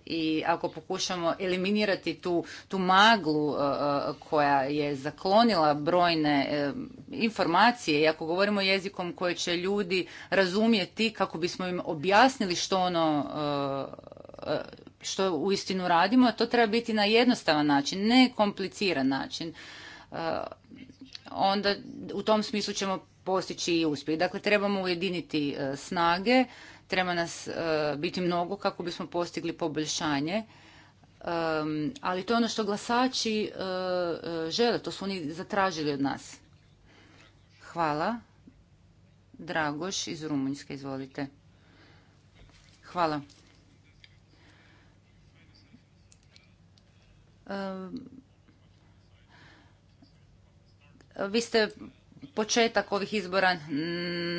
i ako pokušamo eliminirati tu, tu maglu e, e, koja je zaklonila brojne e, informacije i ako govorimo jezikom koje će ljudi razumjeti kako bismo im objasnili što ono što u istinu radimo, to treba biti na jednostavan način, ne kompliciran način. Onda u tom smislu ćemo postići i uspjeh. Dakle, trebamo ujediniti snage Treba nas e, biti mnogo kako bismo postigli poboljšanje. E, ali to je ono što glasači e, žele, to su oni zatražili od nas. Hvala. Dragoš iz Rumunjske, izvolite. Hvala. Vi ste početak ovih izbora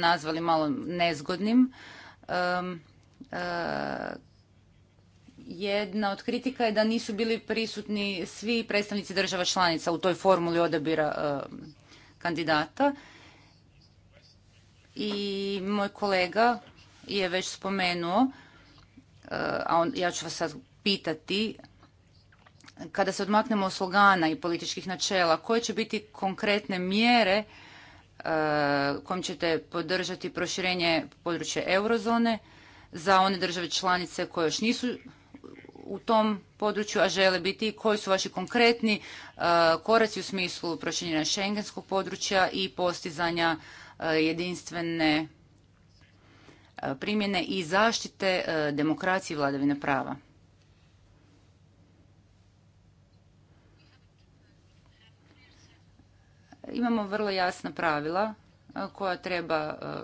nazvali malo nezgodnim. E, jedna od kritika je da nisu bili prisutni svi predstavnici država članica u toj formuli odabira e, kandidata. I moj kolega je već spomenuo, e, a on, ja ću vas sad pitati, kada se odmaknemo od slogana i političkih načela, koje će biti konkretne mjere Eh, kojim ćete podržati proširenje područja eurozone za one države članice koje još nisu u tom području, a žele biti koji su vaši konkretni eh, koraci u smislu proširenja šengenskog područja i postizanja eh, jedinstvene primjene i zaštite demokracije i vladavine prava. Imamo vrlo jasna pravila e, koja treba e,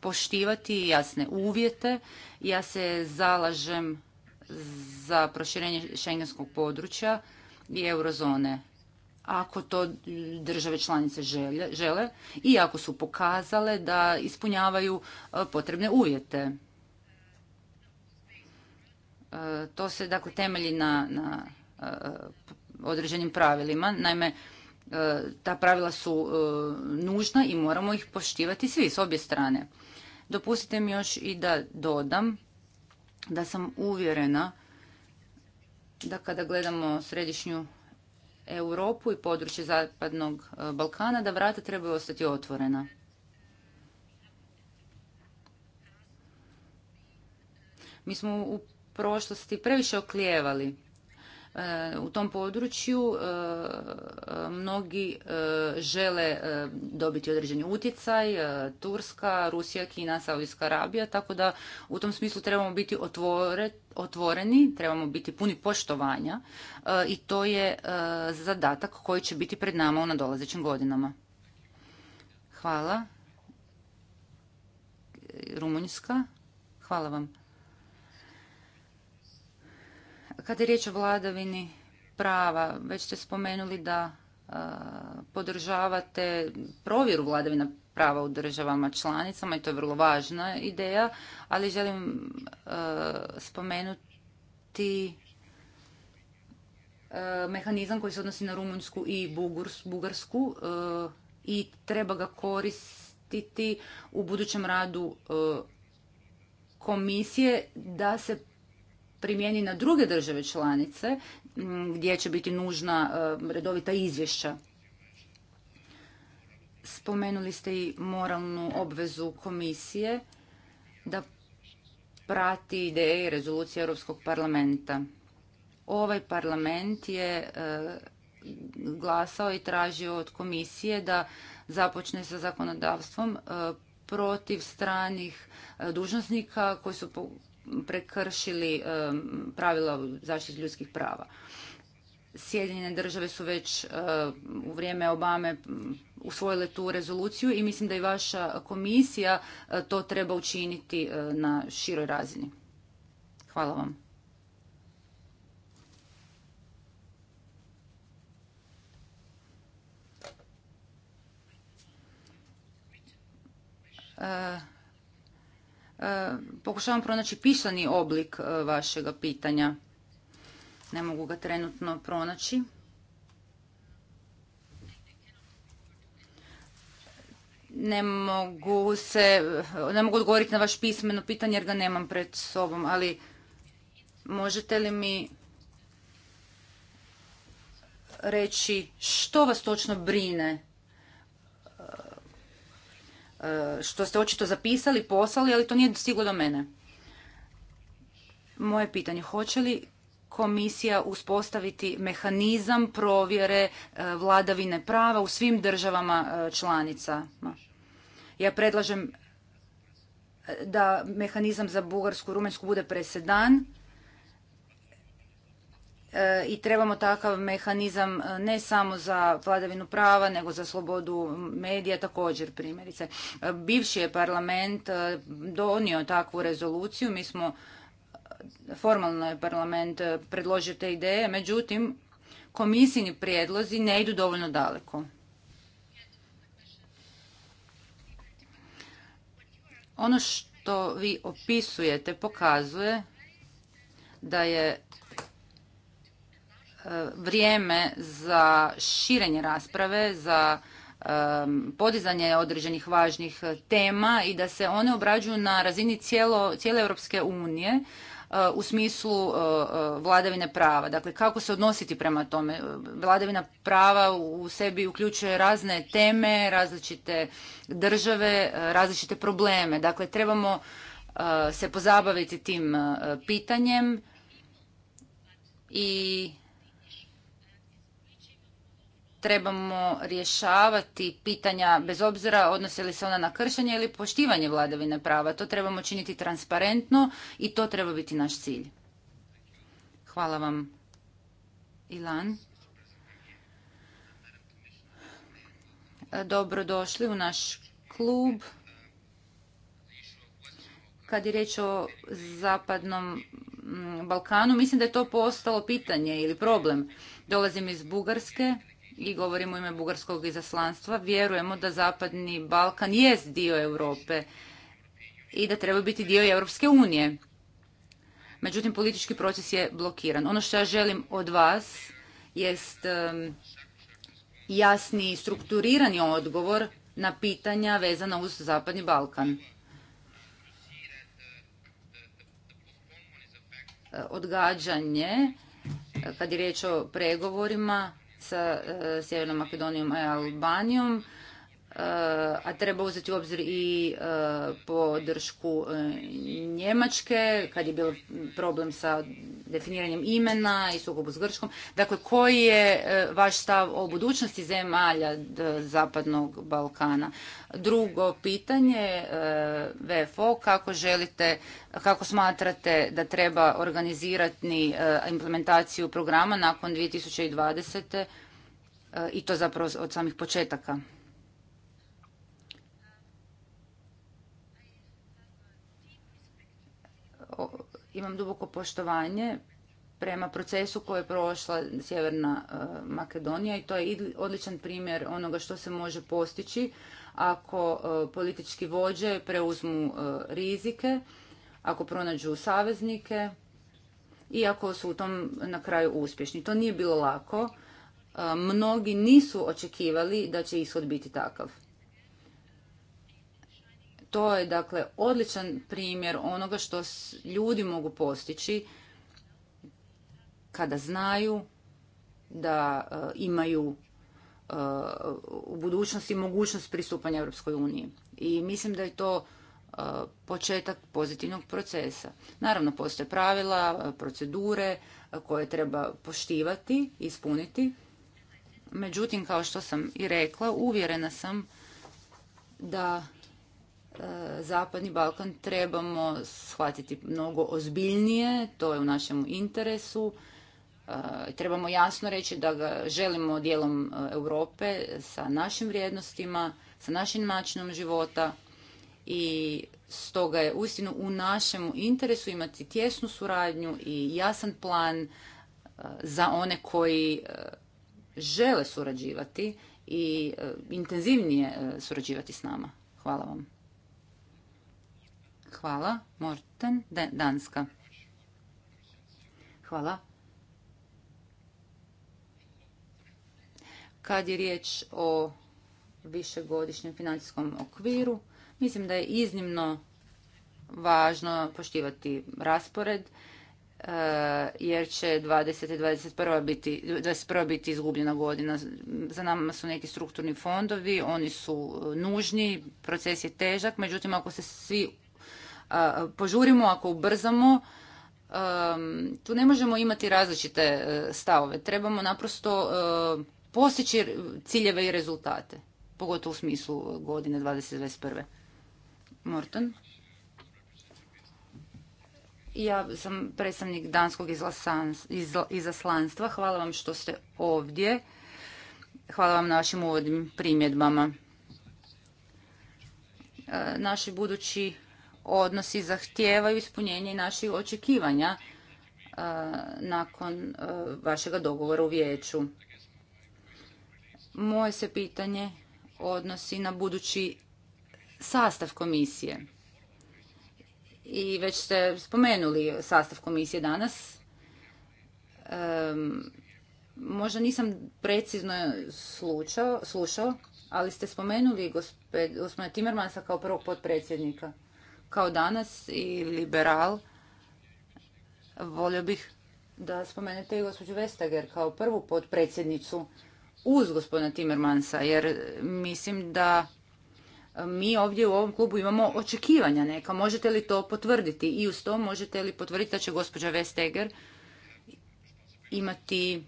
poštivati jasne uvjete. Ja se zalažem za proširenje šengenskog područja i eurozone ako to države članice žele i ako su pokazale da ispunjavaju e, potrebne uvjete. To se dakle temelji na, na određenim pravilima. Naime, E, ta pravila su e, nužna i moramo ih poštivati svi s obje strane. Dopustite mi još i da dodam da sam uvjerena da kada gledamo središnju Europu i područje Zapadnog e, Balkana, da vrata trebaju ostati otvorena. Mi smo u prošlosti previše oklijevali u tom području e, mnogi e, žele e, dobiti određeni utjecaj, Turska, Rusija, Kina, Saudijska Arabija, tako da u tom smislu trebamo biti otvoreni, trebamo biti puni poštovanja i to je zadatak koji će biti pred nama u nadolazećim godinama. Hvala. Rumunjska. Hvala vam. Kada je riječ o vladavini prava, već ste spomenuli da e, podržavate provjeru vladavina prava u državama članicama i to je vrlo važna ideja, ali želim e, spomenuti e, mehanizam koji se odnosi na Rumunjsku i Bugarsku i treba ga koristiti u budućem radu komisije da se primijeni na druge države članice gdje će biti nužna e, redovita izvješća. Spomenuli ste i moralnu obvezu komisije da prati ideje i rezolucije Europskog parlamenta. Ovaj parlament je e, glasao i tražio od komisije da započne sa zakonodavstvom e, protiv stranih dužnosnika koji su prekršili pravila zaštite ljudskih prava. Sjedinjene države su već u vrijeme Obame usvojile tu rezoluciju i mislim da i vaša komisija e, to treba učiniti e, na široj razini. Hvala vam. Uh, E, pokušavam pronaći pisani oblik e, vašega pitanja. Ne mogu ga trenutno pronaći. Ne mogu se, ne mogu odgovoriti na vaš pismeno pitanje jer ga nemam pred sobom, ali možete li mi reći što vas točno brine E, što ste očito zapisali, poslali, ali to nije stiglo do mene. Moje pitanje, hoće li komisija uspostaviti mehanizam provjere e, vladavine prava u svim državama e, članicama? Ja predlažem da mehanizam za Bugarsku i Rumensku bude presedan E, i trebamo takav mehanizam e, ne samo za vladavinu prava, nego za slobodu medija također primjerice. E, bivši je parlament donio takvu rezoluciju, mi smo formalno je parlament predložio te ideje, međutim komisijni prijedlozi ne idu dovoljno daleko. Ono što vi opisujete pokazuje da je vrijeme za širenje rasprave, za podizanje određenih važnih tema i da se one obrađuju na razini cijelo, cijele Europske unije e, u smislu e, e, vladavine prava. Dakle, kako se odnositi prema tome? Vladavina prava u sebi uključuje razne teme, različite države, različite probleme. Dakle, trebamo se pozabaviti tim pitanjem i trebamo rješavati pitanja bez obzira odnose li se ona na kršenje ili poštivanje vladavine prava. To trebamo činiti transparentno i to treba biti naš cilj. Hvala vam. Ilan. Dobrodošli u naš klub. Kad je riječ o zapadnom mm, Balkanu, mislim da je to postalo pitanje ili problem. Dolazim iz Bugarske i govorimo u ime bugarskog izaslanstva, vjerujemo da Zapadni Balkan jest dio Europe i da treba biti dio Europske unije. Međutim, politički proces je blokiran. Ono što ja želim od vas jest jasni i strukturirani odgovor na pitanja vezana uz Zapadni Balkan. E, odgađanje, e, kad je riječ o pregovorima, sa e, Sjevernom Makedonijom i Albanijom a treba uzeti u obzir i e, podršku e, Njemačke, kad je bio problem sa definiranjem imena i sukobu s Grčkom. Dakle, koji je e, vaš stav o budućnosti zemalja Zapadnog Balkana? Drugo pitanje, VFO, kako želite, kako smatrate da treba organizirati implementaciju programa nakon 2020. i to zapravo od samih početaka? imam duboko poštovanje prema procesu koji je prošla Sjeverna e, Makedonija i to je odličan primjer onoga što se može postići ako e, politički vođe preuzmu e, rizike, ako pronađu saveznike i ako su u tom na kraju uspješni. To nije bilo lako. Mnogi nisu očekivali da će ishod biti takav. To je dakle odličan primjer onoga što ljudi mogu postići kada znaju da e, imaju e, u budućnosti mogućnost pristupanja Europskoj uniji. I mislim da je to e, početak pozitivnog procesa. Naravno, postoje pravila, procedure koje treba poštivati, ispuniti. Međutim, kao što sam i rekla, uvjerena sam da E, Zapadni Balkan trebamo shvatiti mnogo ozbiljnije, to je u našem interesu. E, trebamo jasno reći da ga želimo dijelom e, Europe sa našim vrijednostima, sa našim načinom života i stoga je uistinu u našem interesu imati tjesnu suradnju i jasan plan za one koji žele surađivati i intenzivnije surađivati s nama. Hvala vam. Hvala. Morten, Danska. Hvala. Kad je riječ o višegodišnjem financijskom okviru, mislim da je iznimno važno poštivati raspored eh, jer će 20. i 21. biti, biti izgubljena godina. Za nama su neki strukturni fondovi, oni su nužni, proces je težak, međutim ako se svi požurimo, ako ubrzamo, um, tu ne možemo imati različite e, stavove. Trebamo naprosto e, postići ciljeve i rezultate, pogotovo u smislu godine 2021. Morton? Ja sam predstavnik Danskog izaslanstva. Hvala vam što ste ovdje. Hvala vam na vašim uvodnim primjedbama. E, naši budući odnosi zahtijevaju ispunjenje naših očekivanja e, nakon e, vašega dogovora u vijeću. Moje se pitanje odnosi na budući sastav komisije. I već ste spomenuli sastav komisije danas. možda nisam precizno slušao, ali ste spomenuli gospodina Timermansa kao prvog potpredsjednika. Kao danas i liberal volio bih da spomenete i gospođu Vestager kao prvu potpredsjednicu uz gospodina Timmermansa, jer mislim da mi ovdje u ovom klubu imamo očekivanja neka. Možete li to potvrditi? I uz to možete li potvrditi da će gospođa Vestager imati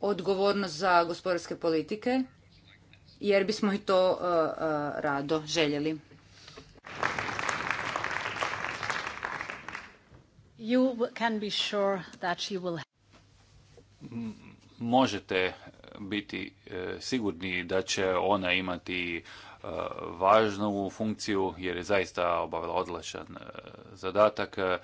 odgovornost za gospodarske politike, jer bismo i to uh, uh, rado željeli. You Možete biti sigurni da će ona imati e, važnu funkciju jer je zaista obavila odličan e, zadatak. E,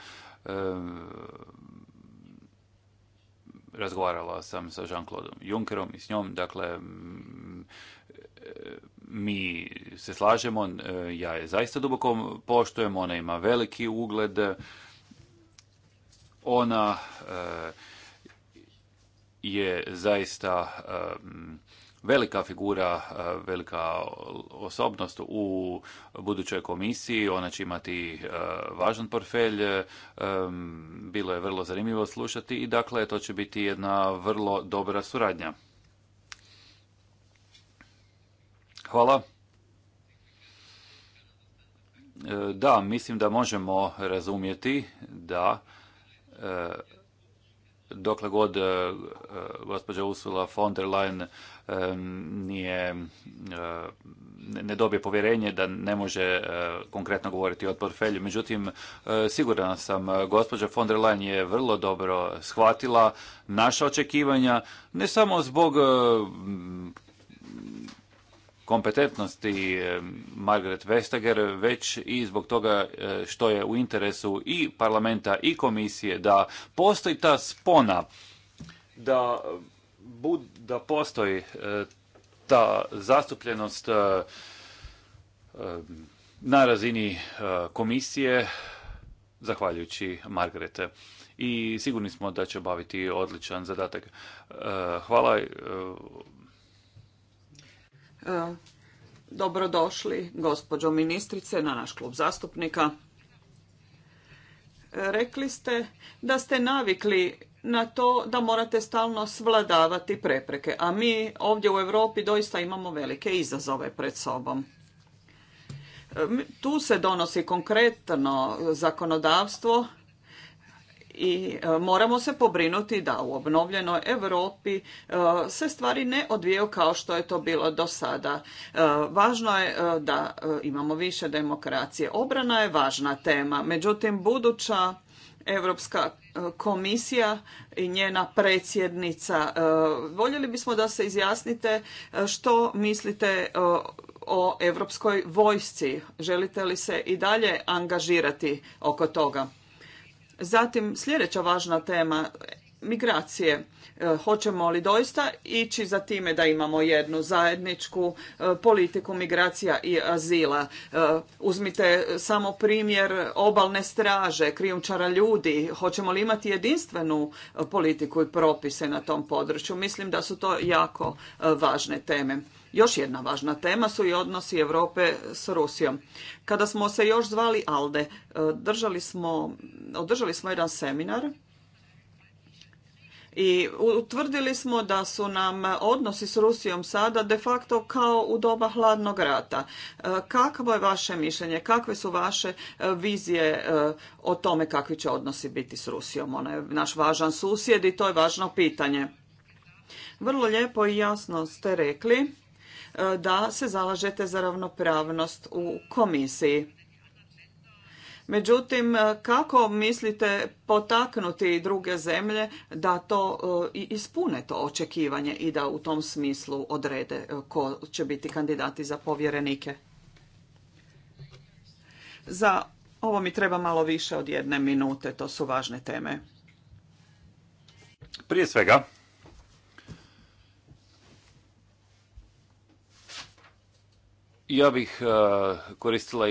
razgovarala sam sa Jean-Claude Junckerom i s njom, dakle mi se slažemo, ja je zaista duboko poštujem, ona ima veliki ugled, ona e, je zaista e, velika figura, e, velika osobnost u budućoj komisiji. Ona će imati važan portfelj. Bilo je vrlo zanimljivo slušati i dakle to će biti jedna vrlo dobra suradnja. Hvala. Da, mislim da možemo razumjeti da E, dokle god e, e, gospođa Ursula von der Leyen nije, ne dobije povjerenje da ne može konkretno govoriti o portfelju. Međutim, siguran sam, gospođa von der Leyen je vrlo dobro shvatila naša očekivanja, ne samo zbog kompetentnosti Margaret Vestager, već i zbog toga eh, što je u interesu i parlamenta i komisije da postoji ta spona, da, bud, da postoji eh, ta zastupljenost eh, na razini komisije, zahvaljujući Margarete. I sigurni smo da će obaviti odličan zadatak. Hvala E, dobrodošli, gospođo ministrice, na naš klub zastupnika. E, rekli ste da ste navikli na to da morate stalno svladavati prepreke, a mi ovdje u Europi doista imamo velike izazove pred sobom. E, tu se donosi konkretno zakonodavstvo i e, moramo se pobrinuti da u obnovljenoj Europi e, se stvari ne odvijaju kao što je to bilo do sada. E, važno je da imamo više demokracije. Obrana je važna tema, međutim buduća Europska komisija i njena predsjednica. Voljeli bismo da se izjasnite što mislite o europskoj vojsci. Želite li se i dalje angažirati oko toga? Zatim sljedeća važna tema migracije. E, hoćemo li doista ići za time da imamo jednu zajedničku e, politiku migracija i azila? E, uzmite samo primjer obalne straže, krijumčara ljudi. Hoćemo li imati jedinstvenu politiku i propise na tom području? Mislim da su to jako važne teme. Još jedna važna tema su i odnosi Europe s Rusijom. Kada smo se još zvali ALDE, smo, održali smo jedan seminar i utvrdili smo da su nam odnosi s Rusijom sada de facto kao u doba hladnog rata. E, kakvo je vaše mišljenje? Kakve su vaše e, vizije e, o tome kakvi će odnosi biti s Rusijom? Ona je naš važan susjed i to je važno pitanje. Vrlo lijepo i jasno ste rekli da se zalažete za ravnopravnost u komisiji. Međutim, e, kako mislite potaknuti druge zemlje da to e, ispune to očekivanje i da u tom smislu odrede e, ko će biti kandidati za povjerenike? Za ovo mi treba malo više od jedne minute, to su važne teme. Prije svega, Ja bih e, koristila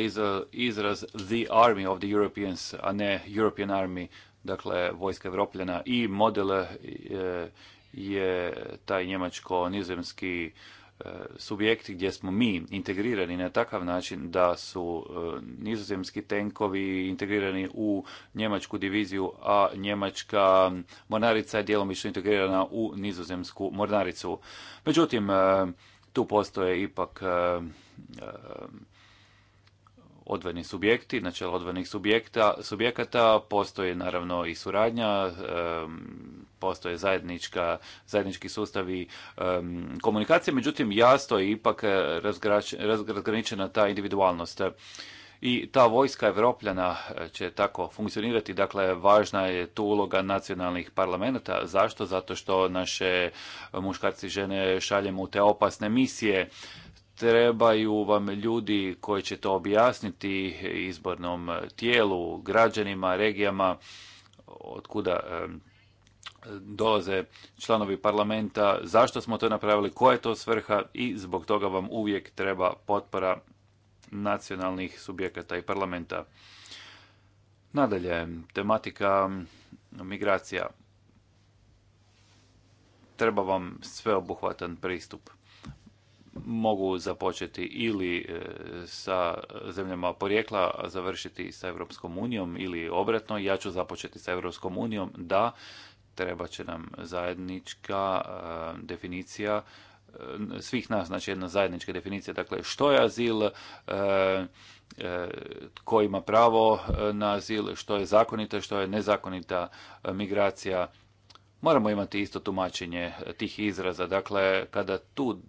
izraz The Army of the Europeans, a ne European Army, dakle vojska Evropljena i model e, je taj njemačko-nizemski e, subjekt gdje smo mi integrirani na takav način da su nizozemski tenkovi integrirani u njemačku diviziju, a njemačka mornarica je djelomično integrirana u nizozemsku mornaricu. Međutim, tu postoje ipak e, e, odvojeni subjekti, načelo odvojenih subjekta, subjekata, postoji naravno i suradnja, e, postoje zajednička, zajednički sustavi komunikacije, međutim jasno je ipak razgraničena ta individualnost i ta vojska Evropljana e, će tako funkcionirati. Dakle, važna je tu uloga nacionalnih parlamenta. Zašto? Zato što naše muškarci i žene šaljemo u te opasne misije. Trebaju vam ljudi koji će to objasniti izbornom tijelu, građanima, regijama, otkuda e, dolaze članovi parlamenta, zašto smo to napravili, koja je to svrha i zbog toga vam uvijek treba potpora nacionalnih subjekata i parlamenta. Nadalje, tematika migracija. Treba vam sveobuhvatan pristup. Mogu započeti ili e, sa zemljama porijekla, završiti sa Europskom unijom ili obratno. Ja ću započeti sa Europskom unijom, da, treba će nam zajednička e, definicija E, svih nas, znači jedna zajednička definicija, dakle što je azil, e, e, tko ima pravo na azil, što je zakonita, što je nezakonita migracija. Moramo imati isto tumačenje tih izraza, dakle kada tu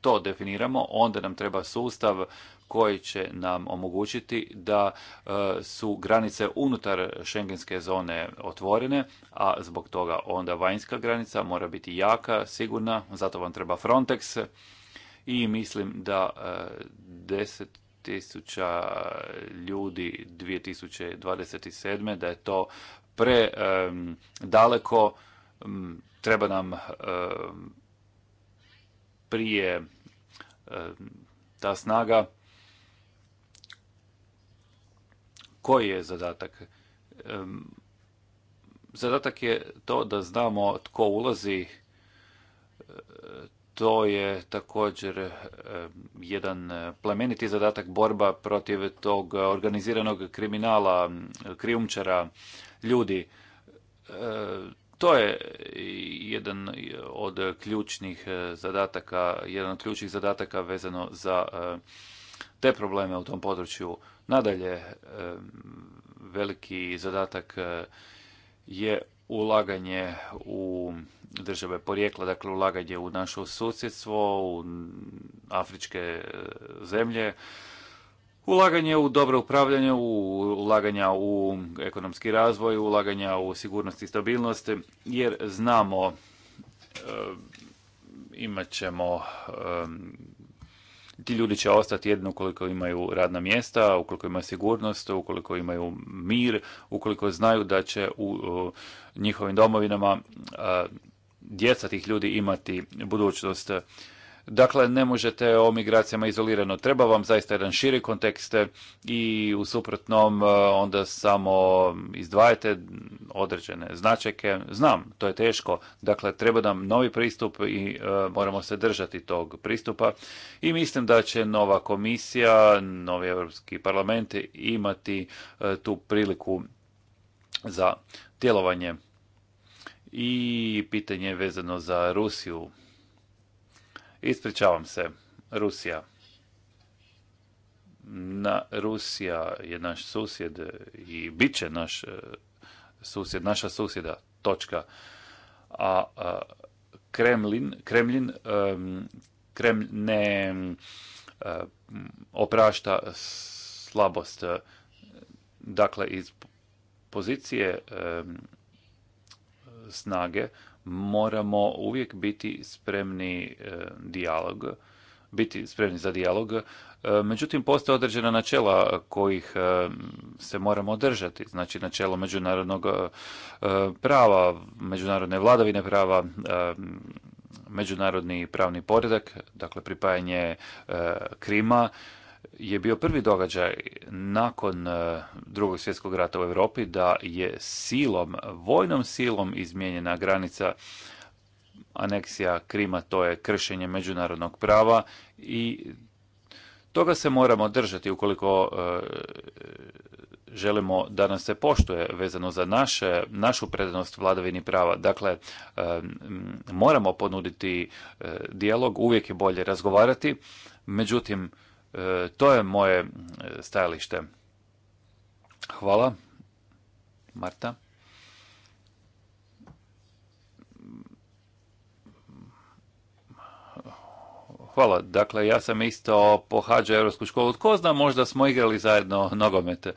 to definiramo, onda nam treba sustav koji će nam omogućiti da e, su granice unutar šengenske zone otvorene, a zbog toga onda vanjska granica mora biti jaka, sigurna, zato vam treba Frontex i mislim da 10.000 e, ljudi 2027. da je to pre daleko treba nam prije ta snaga koji je zadatak? Zadatak je to da znamo tko ulazi, e, to je također e, jedan plemeniti zadatak borba protiv tog organiziranog kriminala, krijumčara, ljudi. E, to je jedan od ključnih zadataka, jedan od ključnih zadataka vezano za te probleme u tom području. Nadalje, e, veliki zadatak e, je ulaganje u države porijekla, dakle ulaganje u našo susjedstvo, u afričke e, zemlje, ulaganje u dobro upravljanje, ulaganja u ekonomski razvoj, ulaganja u sigurnost i stabilnost, jer znamo imat ćemo ti ljudi će ostati jedino ukoliko imaju radna mjesta, ukoliko imaju sigurnost, ukoliko imaju mir, ukoliko znaju da će u njihovim domovinama djeca tih ljudi imati budućnost. Dakle, ne možete o migracijama izolirano. Treba vam zaista jedan širi kontekst i u suprotnom e, onda samo izdvajate određene značajke. Znam, to je teško. Dakle, treba nam novi pristup i e, moramo se držati tog pristupa. I mislim da će nova komisija, novi Europski parlament imati e, tu priliku za djelovanje. I pitanje vezano za Rusiju Ispričavam se, Rusija. Na, Rusija je naš susjed i bit će naš e, susjed, naša susjeda, točka. A, Kremlin, Kremlin, ne oprašta slabost. Dakle, iz pozicije snage moramo uvijek biti spremni e, dijalog, biti spremni za dijalog. E, međutim, postoje određena načela kojih e, se moramo držati. Znači, načelo međunarodnog prava, međunarodne vladavine prava, međunarodni pravni poredak, dakle pripajanje Krima, je bio prvi događaj nakon e, drugog svjetskog rata u Europi da je silom, vojnom silom izmijenjena granica aneksija Krima, to je kršenje međunarodnog prava i toga se moramo držati ukoliko e, želimo da nas se poštuje vezano za naše, našu predanost vladavini prava. Dakle, e, moramo ponuditi dijalog, uvijek je bolje razgovarati, međutim, E, to je moje e, stajalište. Hvala. Marta. Hvala. Dakle, ja sam isto pohađao Europsku školu. Tko zna, možda smo igrali zajedno nogomete.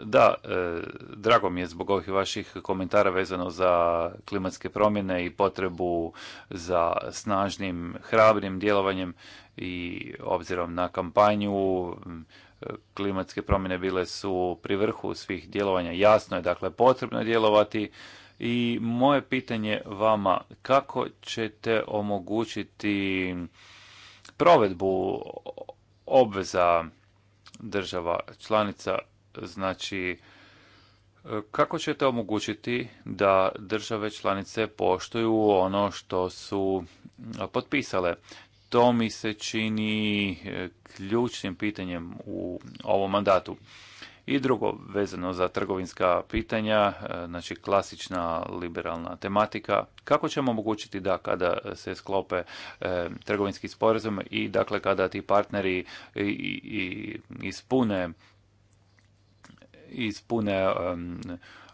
Da, e, drago mi je zbog ovih vaših komentara vezano za klimatske promjene i potrebu za snažnim, hrabrim djelovanjem i obzirom na kampanju klimatske promjene bile su pri vrhu svih djelovanja. Jasno je, dakle, potrebno je djelovati i moje pitanje vama, kako ćete omogućiti provedbu obveza država članica Znači, e, kako ćete omogućiti da države članice poštuju ono što su e, potpisale? To mi se čini e, ključnim pitanjem u ovom mandatu. I drugo, vezano za trgovinska pitanja, znači klasična liberalna tematika, kako ćemo omogućiti da kada se sklope trgovinski sporazum i dakle kada ti partneri i, ispune ispune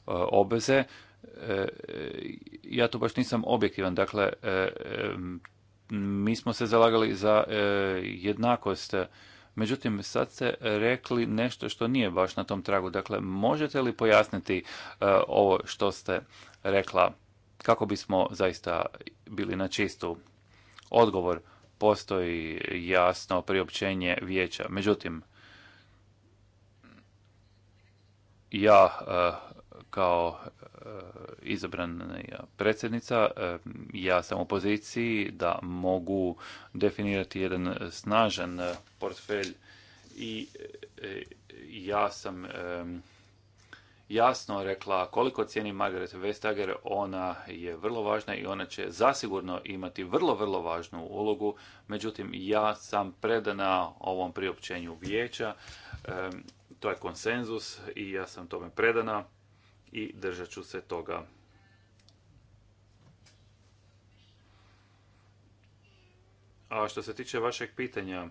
obveze. E, ja tu baš nisam objektivan, dakle e, mi smo se zalagali za e, jednakost Međutim, sad ste rekli nešto što nije baš na tom tragu. Dakle, možete li pojasniti ovo što ste rekla kako bismo zaista bili na čistu? Odgovor postoji jasno priopćenje vijeća. Međutim, ja e, kao e, izabrana predsjednica, e, ja sam u poziciji da mogu definirati jedan snažan portfelj i ja sam jasno rekla koliko cijeni Margaret Vestager, ona je vrlo važna i ona će zasigurno imati vrlo, vrlo važnu ulogu. Međutim, ja sam predana ovom priopćenju vijeća to je konsenzus i ja sam tome predana i držat ću se toga. A što se tiče vašeg pitanja,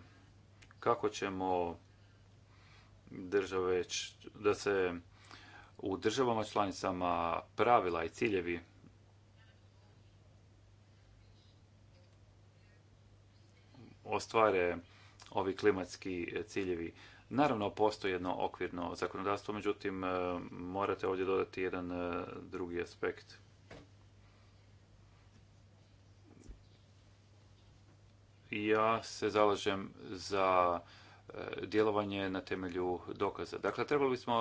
kako ćemo države, da se u državama članicama pravila i ciljevi ostvare ovi klimatski ciljevi. Naravno, postoji jedno okvirno zakonodavstvo, međutim, e, morate ovdje dodati jedan e, drugi aspekt. Ja se zalažem za e, djelovanje na temelju dokaza. Dakle, trebali bismo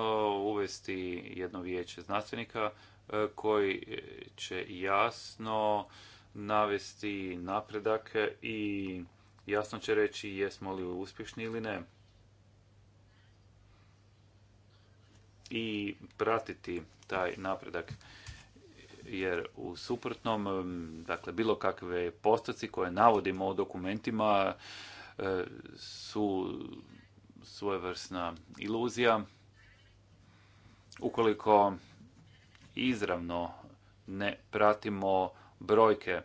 uvesti jedno vijeće znanstvenika koji će jasno navesti napredak i jasno će reći jesmo li uspješni ili ne. i pratiti taj napredak jer u suprotnom, dakle, bilo kakve postaci koje navodimo u dokumentima e, su svojevrsna iluzija. Ukoliko izravno ne pratimo brojke,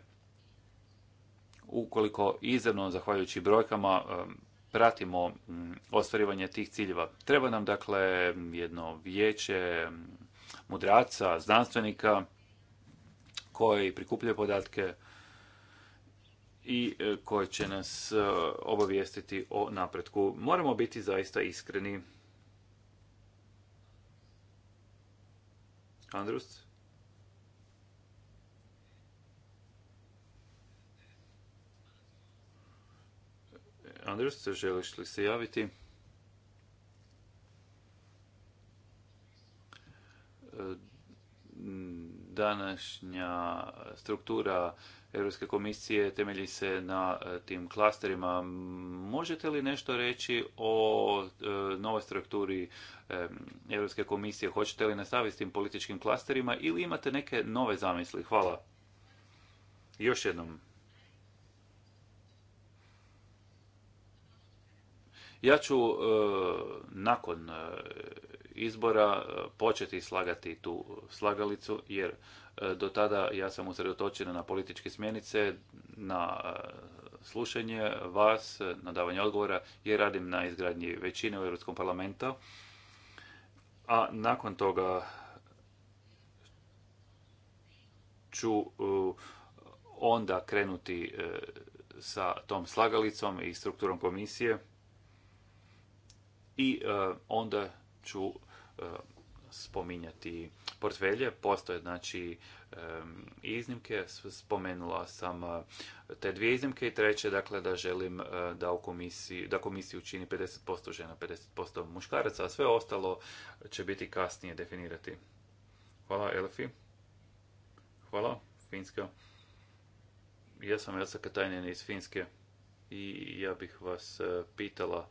ukoliko izravno, zahvaljujući brojkama, pratimo mm, ostvarivanje tih ciljeva. Treba nam dakle jedno vijeće mm, mudraca, znanstvenika koji prikupljaju podatke i e, koji će nas e, obavijestiti o napretku. Moramo biti zaista iskreni. Andrus? Andrus, želiš li se javiti? E, današnja struktura Europske komisije temelji se na e, tim klasterima. Možete li nešto reći o e, novoj strukturi Europske komisije? Hoćete li nastaviti s tim političkim klasterima ili imate neke nove zamisli? Hvala. Još jednom Ja ću e, nakon e, izbora e, početi slagati tu slagalicu jer do tada ja sam usredotočen na političke smjenice, na slušanje vas, na davanje odgovora jer radim na izgradnji većine u Europskom parlamentu. A nakon toga ću onda krenuti sa tom slagalicom i strukturom komisije i e, onda ću e, spominjati portfelje. Postoje znači e, iznimke, spomenula sam te dvije iznimke i treće, dakle da želim da u komisiji, da komisiju čini 50% žena, 50% muškaraca, a sve ostalo će biti kasnije definirati. Hvala Elfi. Hvala Finska. Ja sam Elsa iz Finske i ja bih vas pitala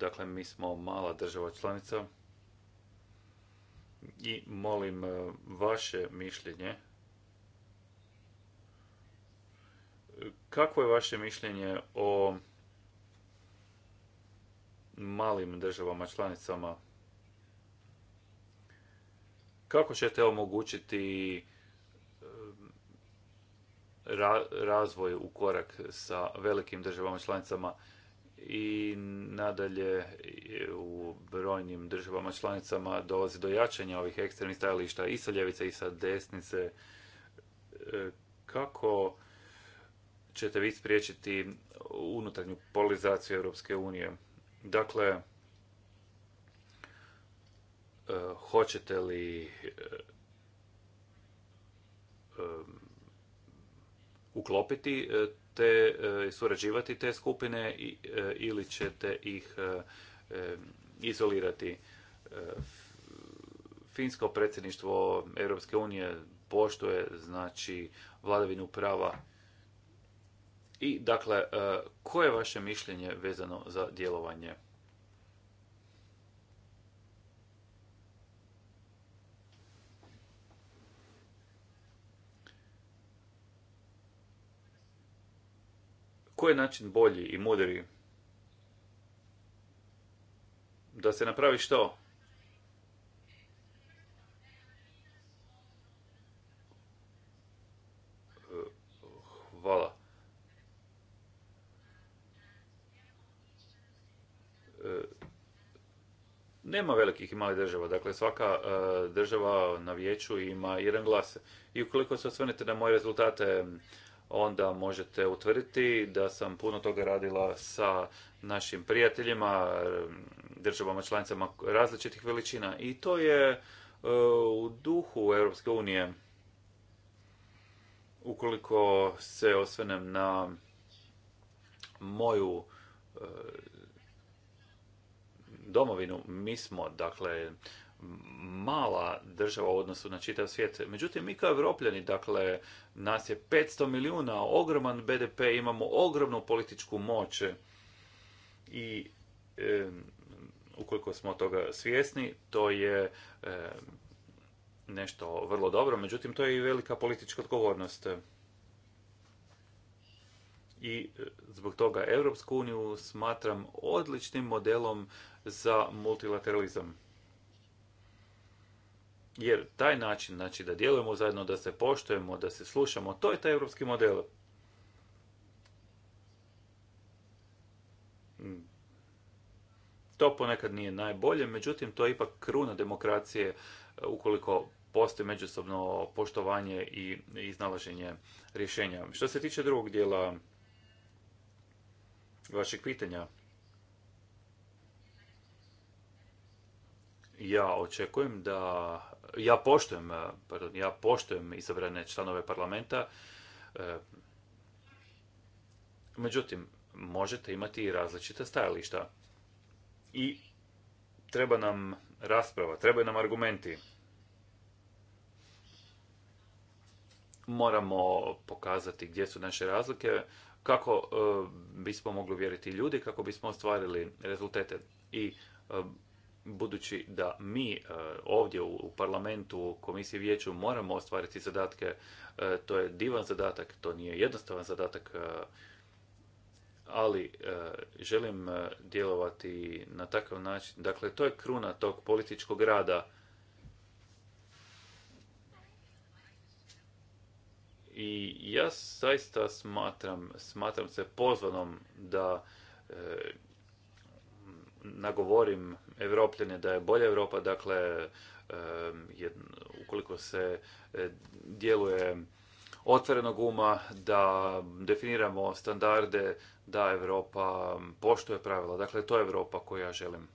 Dakle, mi smo mala država članica i molim e, vaše mišljenje. Kako je vaše mišljenje o malim državama članicama? Kako ćete omogućiti e, razvoj u korak sa velikim državama članicama? i nadalje u brojnim državama članicama dolazi do jačanja ovih ekstremnih stajališta i sa ljevice i sa desnice. E, kako ćete vi spriječiti unutarnju polizaciju Europske unije? Dakle, e, hoćete li e, uklopiti ćete e, surađivati te skupine e, ili ćete ih e, izolirati. Finsko predsjedništvo Europske unije poštuje znači vladavinu prava i dakle koje je vaše mišljenje vezano za djelovanje koji način bolji i mudri da se napravi što? Hvala. Nema velikih i malih država, dakle svaka e, država na vijeću ima jedan glas. I ukoliko se osvrnete na moje rezultate onda možete utvrditi da sam puno toga radila sa našim prijateljima, eh, državama članicama različitih veličina i to je eh, u duhu Europske unije. Ukoliko se osvenem na moju eh, domovinu, mi smo, dakle, mala država u odnosu na čitav svijet. Međutim, mi kao evropljani, dakle, nas je 500 milijuna, ogroman BDP, imamo ogromnu političku moć e, i e, ukoliko smo toga svjesni, to je e, nešto vrlo dobro, međutim to je i velika politička odgovornost. I e, zbog toga Europsku uniju smatram odličnim modelom za multilateralizam. Jer taj način, znači da djelujemo zajedno, da se poštujemo, da se slušamo, to je taj europski model. To ponekad nije najbolje, međutim to je ipak kruna demokracije e, ukoliko postoji međusobno poštovanje i iznalaženje rješenja. Što se tiče drugog dijela vašeg pitanja, ja očekujem da, ja poštujem, eh, pardon, ja poštujem izabrane članove parlamenta, eh, međutim, možete imati i različita stajališta. I treba nam rasprava, trebaju nam argumenti. Moramo pokazati gdje su naše razlike, kako eh, bismo mogli vjeriti ljudi, kako bismo ostvarili rezultate. I budući da mi e, ovdje u parlamentu, u komisiji vijeću moramo ostvariti zadatke, e, to je divan zadatak, to nije jednostavan zadatak, e, ali želim djelovati na takav način. Dakle, to je kruna tog političkog rada. I ja zaista smatram, smatram se pozvanom da nagovorim evropljane da je bolja Europa, dakle ukoliko se e, djeluje otvorenog uma, da definiramo standarde, da Europa poštuje pravila. Dakle, to je Europa koju ja želim.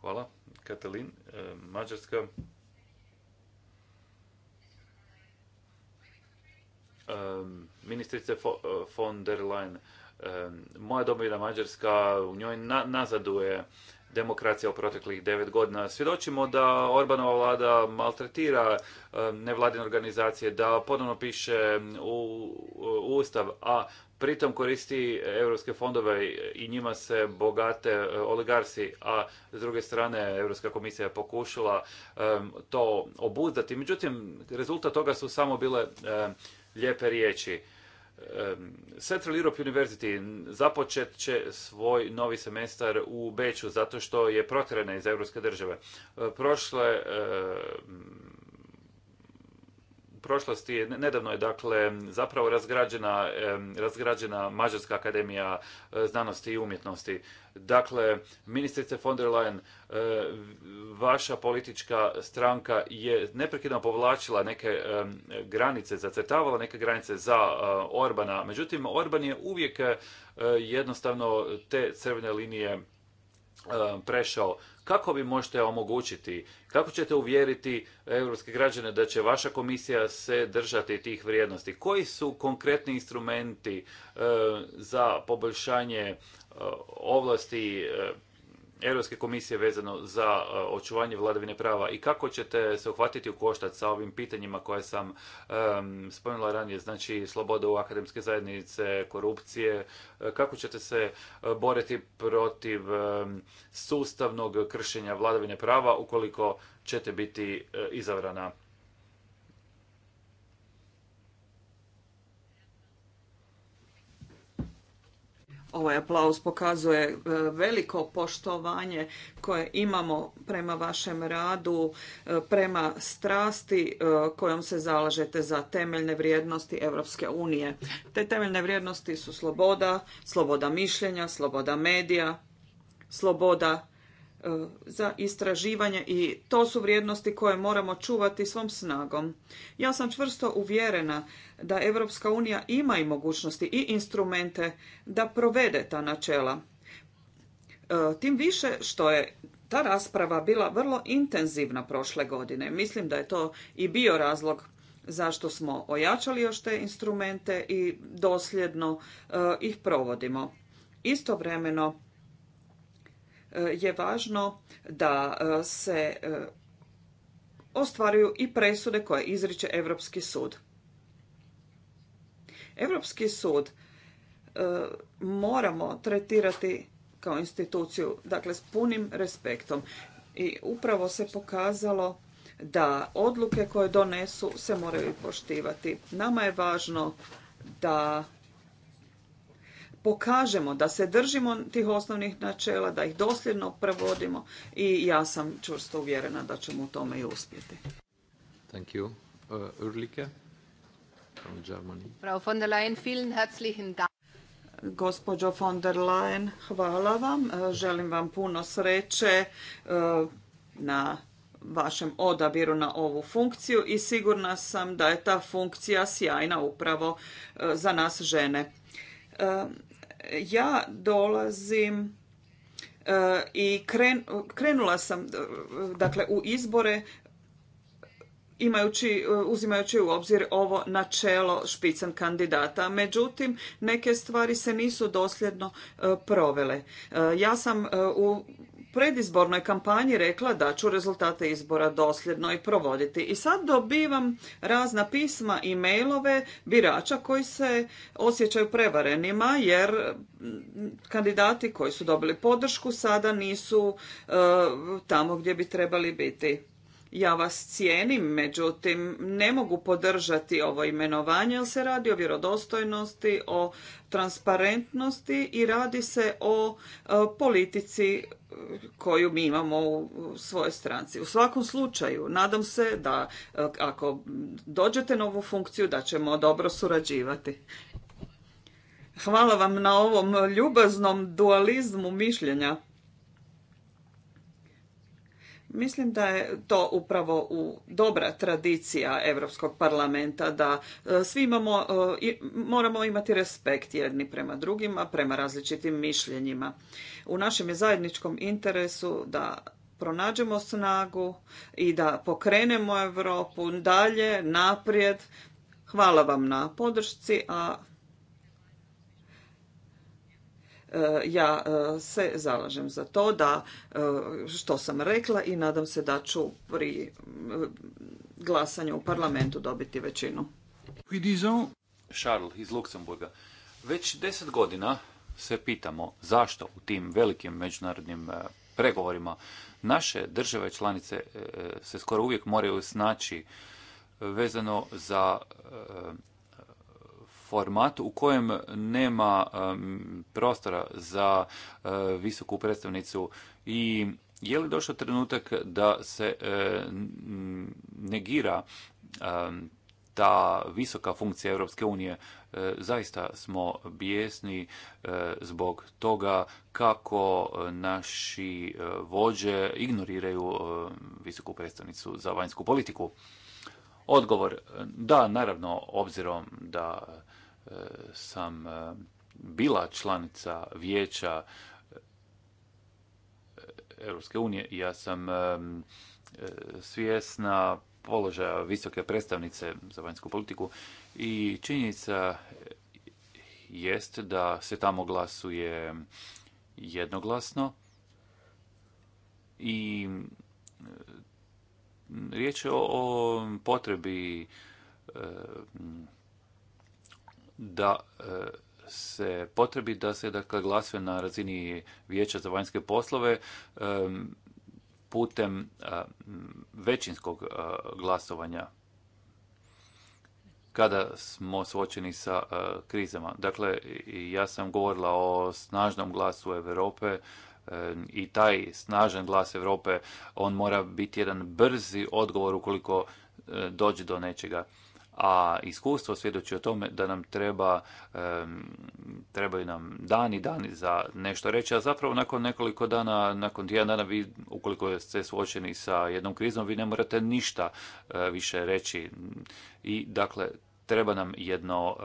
Hvala. Katalin, e, Mađarska. Ministrice e, von der Leyen, moja domovina Mađarska, u njoj nazaduje demokracija u proteklih devet godina. Svjedočimo da Orbanova vlada maltretira eh, nevladine organizacije, da ponovno piše mm, u Ustav, a pritom koristi europske fondove i njima se bogate eh, oligarsi, a s druge strane Europska komisija je pokušala to obuzdati. Međutim, rezultat toga su samo bile lijepe riječi. Central Europe University započet će svoj novi semestar u Beću zato što je protjerana iz europske države. E, prošle prošlosti. Nedavno je dakle zapravo razgrađena, razgrađena Mađarska akademija e, znanosti i umjetnosti. Dakle, ministrice von der Leyen, e, vaša politička stranka je neprekidno povlačila neke granice, zacrtavala neke granice za e, Orbana. Međutim, Orban je uvijek jednostavno te crvene linije Um, prešao, kako vi možete omogućiti, kako ćete uvjeriti europske građane da će vaša komisija se držati tih vrijednosti? Koji su konkretni instrumenti um, za poboljšanje uh, ovlasti uh, Europske komisije vezano za e, očuvanje vladavine prava i kako ćete se uhvatiti u koštac sa ovim pitanjima koje sam spomenula ranije, znači sloboda u akademske zajednice, korupcije, e, kako ćete se e, boriti protiv sustavnog kršenja vladavine prava ukoliko ćete biti uh, izabrana Ovaj aplauz pokazuje e, veliko poštovanje koje imamo prema vašem radu, e, prema strasti e, kojom se zalažete za temeljne vrijednosti Europske unije. Te temeljne vrijednosti su sloboda, sloboda mišljenja, sloboda medija, sloboda E, za istraživanje i to su vrijednosti koje moramo čuvati svom snagom. Ja sam čvrsto uvjerena da Europska unija ima i mogućnosti i instrumente da provede ta načela. E, tim više što je ta rasprava bila vrlo intenzivna prošle godine. Mislim da je to i bio razlog zašto smo ojačali još te instrumente i dosljedno e, ih provodimo. Istovremeno E, je važno da e, se e, ostvaruju i presude koje izriče Europski sud. Europski sud moramo tretirati kao instituciju, dakle s punim respektom. I upravo se pokazalo da odluke koje donesu se moraju poštivati. Nama je važno da pokažemo da se držimo tih osnovnih načela, da ih dosljedno provodimo i ja sam čvrsto uvjerena da ćemo u tome i uspjeti. Thank you. Uh, Urlike from Germany. Frau von der Leyen, vielen herzlichen Dank. Gospođo von der Leyen, hvala vam. Uh, želim vam puno sreće uh, na vašem odabiru na ovu funkciju i sigurna sam da je ta funkcija sjajna upravo uh, za nas žene ja dolazim e, i krenula sam e, dakle u izbore e, uzimajući u obzir ovo načelo špican kandidata. Međutim, neke stvari se nisu dosljedno provele. Ja sam u predizbornoj kampanji rekla da ću rezultate izbora dosljedno i provoditi. I sad dobivam razna pisma i mailove birača koji se osjećaju prevarenima jer mm, kandidati koji su dobili podršku sada nisu e, tamo gdje bi trebali biti. Ja vas cijenim, međutim ne mogu podržati ovo imenovanje jer se radi o vjerodostojnosti, o transparentnosti i radi se o e, politici e, koju mi imamo u svojoj stranci. U svakom slučaju, nadam se da e, ako dođete na ovu funkciju da ćemo dobro surađivati. Hvala vam na ovom ljubaznom dualizmu mišljenja. Mislim da je to upravo u dobra tradicija Europskog parlamenta da e, svi imamo, e, moramo imati respekt jedni prema drugima, prema različitim mišljenjima. U našem je zajedničkom interesu da pronađemo snagu i da pokrenemo Europu dalje, naprijed. Hvala vam na podršci, a E, ja e, se zalažem za to da e, što sam rekla i nadam se da ću pri glasanju u parlamentu dobiti većinu. Charles iz Luksemburga. Već deset godina se pitamo zašto u tim velikim međunarodnim pregovorima naše države članice se skoro uvijek moraju snaći vezano za format u kojem nema prostora za e, visoku predstavnicu i je li došao trenutak da se e, negira ta visoka funkcija Europske unije. E, zaista smo bijesni zbog toga kako naši vođe ignoriraju visoku predstavnicu za vanjsku politiku. Odgovor, da, naravno, obzirom da sam e, bila članica vijeća e, Europske unije ja sam e, svjesna položaja visoke predstavnice za vanjsku politiku i činjenica jest da se tamo glasuje jednoglasno i riječ je o potrebi da e, se potrebi da se dakle, glasuje na razini vijeća za vanjske poslove e, putem e, većinskog glasovanja kada smo suočeni sa krizama. Dakle, ja sam govorila o snažnom glasu Europe i taj snažan glas Europe, on mora biti jedan brzi odgovor ukoliko dođe do nečega a iskustvo svjedoči o tome da nam treba, trebaju nam dani, dani za nešto reći, a zapravo nakon nekoliko dana, nakon tjedan dana, vi, ukoliko ste suočeni sa jednom krizom, vi ne morate ništa e, više reći. I, dakle, treba nam jedno,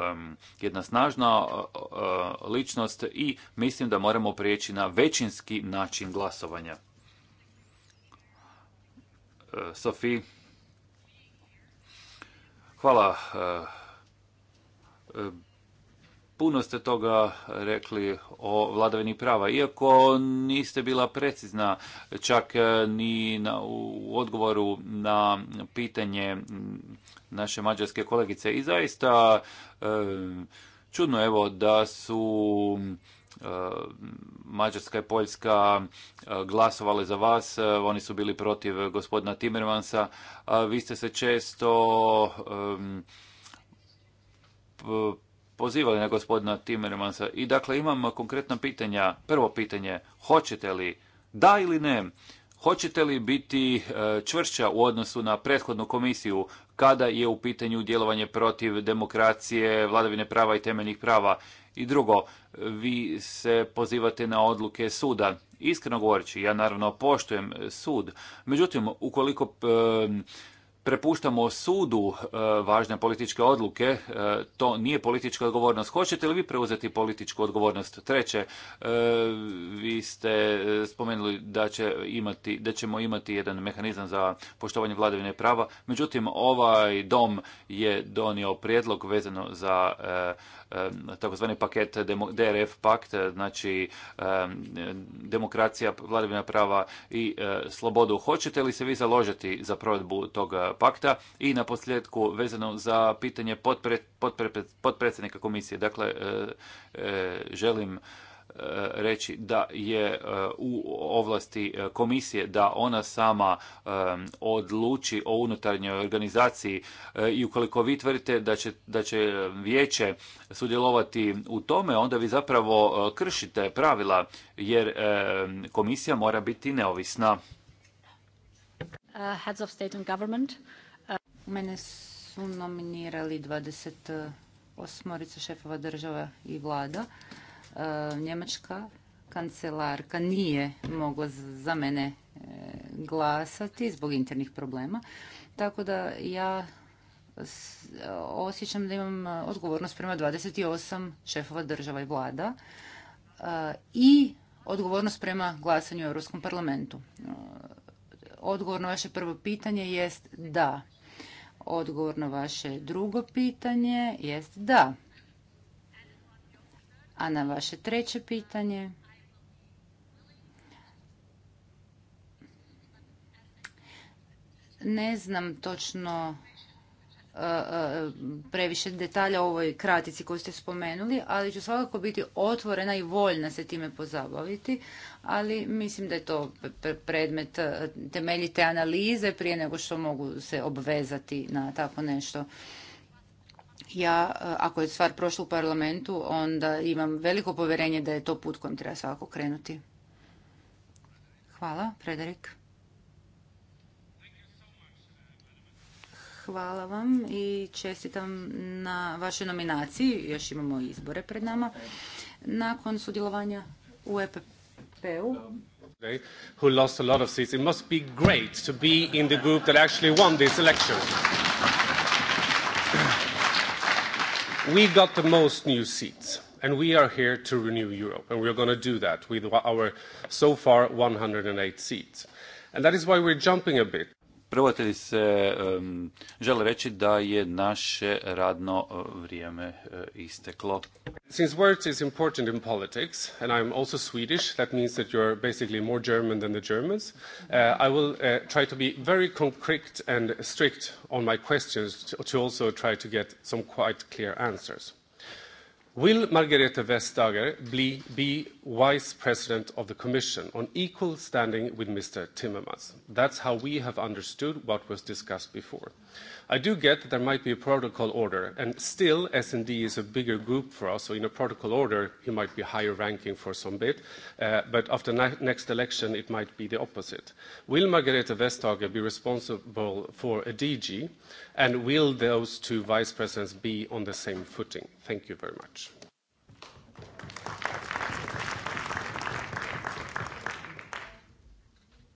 jedna snažna e, e, ličnost i mislim da moramo prijeći na većinski način glasovanja. sofi Hvala. Eh, eh, puno ste toga rekli o vladavini prava, iako niste bila precizna čak eh, ni na, u odgovoru na pitanje naše mađarske kolegice. I zaista čudno evo da su E, Mađarska i Poljska e, glasovali za vas, e, oni su bili protiv gospodina Timmermansa. Vi ste se često pozivali na gospodina Timmermansa. I dakle imam konkretna pitanja. Prvo pitanje, hoćete li, da ili ne, hoćete li biti čvršća u odnosu na prethodnu komisiju kada je u pitanju djelovanje protiv demokracije, vladavine prava i temeljnih prava? I drugo, vi se pozivate na odluke suda. Iskreno govoreći, ja naravno poštujem sud. Međutim, ukoliko e, prepuštamo sudu e, važne političke odluke, e, to nije politička odgovornost. Hoćete li vi preuzeti političku odgovornost? Treće, vi ste spomenuli da, će imati, da ćemo imati jedan mehanizam za poštovanje vladavine prava, međutim ovaj dom je donio prijedlog vezano za takozvani paket DRF pakt, e, znači demokracija, vladavina prava i e, slobodu. Hoćete li se vi založiti za provedbu tog e, pakta? I na posljedku vezano za pitanje potpredsjednika komisije. Dakle, želim reći da je e, u ovlasti e, komisije da ona sama e, odluči o unutarnjoj organizaciji i ukoliko vi tvrdite da će, da će vijeće sudjelovati u tome, onda vi zapravo kršite pravila jer komisija mora biti neovisna. Uh, heads of state and government. Uh, Mene su nominirali 28 šefova država i vlada. E, njemačka kancelarka nije mogla za mene e, glasati zbog internih problema. Tako da ja osjećam da imam e, odgovornost prema 28 šefova država i vlada i odgovornost prema glasanju u Europskom parlamentu. Odgovor na vaše prvo pitanje jest da. Odgovor na vaše drugo pitanje jest da. A na vaše treće pitanje... Ne znam točno e, e, previše detalja o ovoj kratici koju ste spomenuli, ali ću svakako biti otvorena i voljna se time pozabaviti, ali mislim da je to predmet e, temeljite analize prije nego što mogu se obvezati na tako nešto ja, e, ako je stvar prošla u parlamentu, onda imam veliko poverenje da je to put kojim treba svako krenuti. Hvala, Frederik. Hvala vam i čestitam na vašoj nominaciji. Još imamo izbore pred nama. Nakon sudjelovanja u EPP-u who lost we got the most new seats and we are here to renew Europe and we are going to do that with our so far 108 seats. And that is why we're jumping a bit. Prevoditelji se um, žele reći da je naše radno e, vrijeme uh, isteklo. Since words is important in politics and I'm also Swedish, that means that you're basically more German than the Germans. Uh, I will uh, try to be very concrete and strict on my questions to, to also try to get some quite clear answers. Will Margrethe Vestager be Vice President of the Commission on equal standing with Mr. Timmermans? That's how we have understood what was discussed before. I do get that there might be a protocol order, and still S&D is a bigger group for us, so in a protocol order, he might be higher ranking for some bit, uh, but after next election, it might be the opposite. Will Margrethe Vestager be responsible for a DG, and will those two vice presidents be on the same footing? Thank you very much.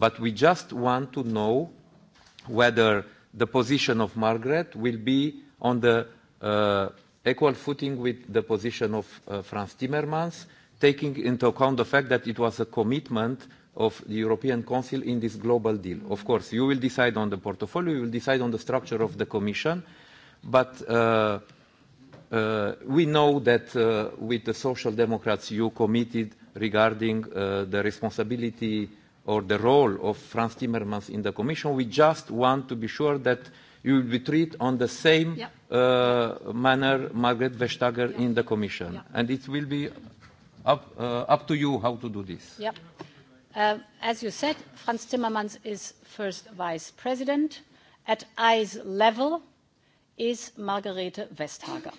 But we just want to know whether the position of Margaret will be on the uh, equal footing with the position of uh, Franz Timmermans, taking into account the fact that it was a commitment of the European Council in this global deal. Of course, you will decide on the portfolio, you will decide on the structure of the Commission, but uh, uh, we know that uh, with the Social Democrats you committed regarding uh, the responsibility or the role of Franz Timmermans in the Commission. We just want to be sure that you will be treated on the same yeah. uh, manner Margaret Vestager yeah. in the Commission. Yeah. And it will be up, uh, up to you how to do this. Yeah. Uh, as you said, Franz Timmermans is first vice president. At eyes level is Margarete Vestager.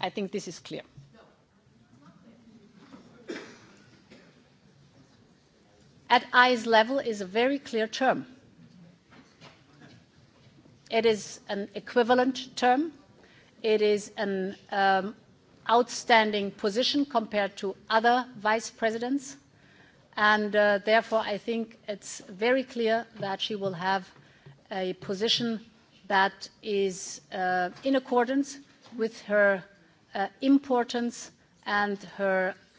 I think this is clear. at eyes level is a very clear term. It is an equivalent term. It is an um, outstanding position compared to other vice presidents. And uh, therefore, I think it's very clear that she will have a position that is uh, in accordance with her uh, importance and her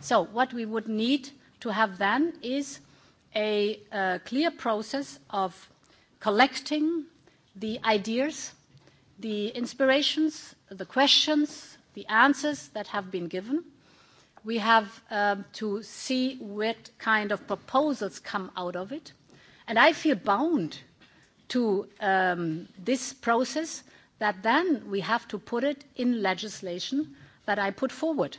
So what we would need to have then is a clear process of collecting the ideas, the inspirations, the questions, the answers that have been given. We have um, to see what kind of proposals come out of it. And I feel bound to um, this process that then we have to put it in legislation that I put forward.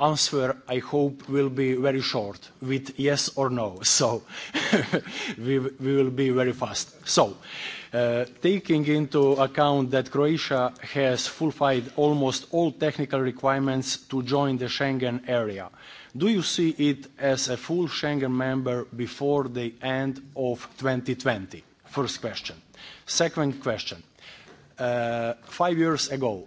answer, I hope, will be very short, with yes or no. So we, we will be very fast. So, uh, taking into account that Croatia has fulfilled almost all technical requirements to join the Schengen area, do you see it as a full Schengen member before the end of 2020? First question. Second question. Uh, five years ago,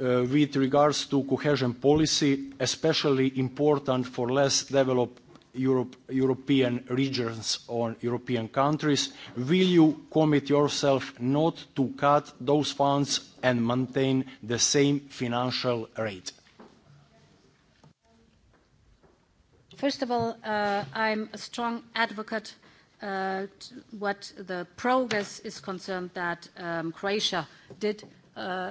Uh, with regards to cohesion policy, especially important for less developed European regions or European countries, will you commit yourself not to cut those funds and maintain the same financial rate? First of all, uh, I'm a strong advocate uh, what the progress is concerned that um, Croatia did uh,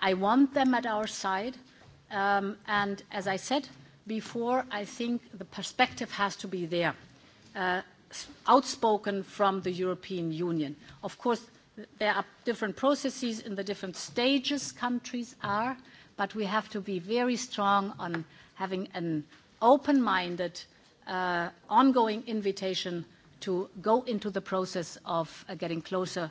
i want them at our side. Um, and as I said before, I think the perspective has to be there, uh, outspoken from the European Union. Of course, there are different processes in the different stages countries are, but we have to be very strong on having an open-minded, uh, ongoing invitation to go into the process of uh, getting closer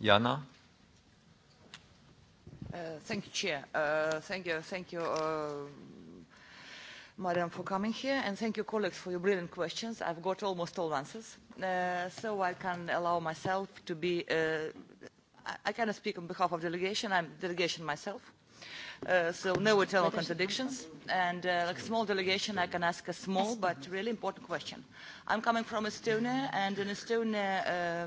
Jana? Uh, thank you, Chair. Uh, thank you, thank you, uh, Madam, for coming here, and thank you, colleagues, for your brilliant questions. I've got almost all answers, uh, so I can allow myself to be. Uh, I cannot speak on behalf of delegation. I'm delegation myself. Uh, so no eternal contradictions. And uh, like a small delegation, I can ask a small but really important question. I'm coming from Estonia, and in Estonia, uh,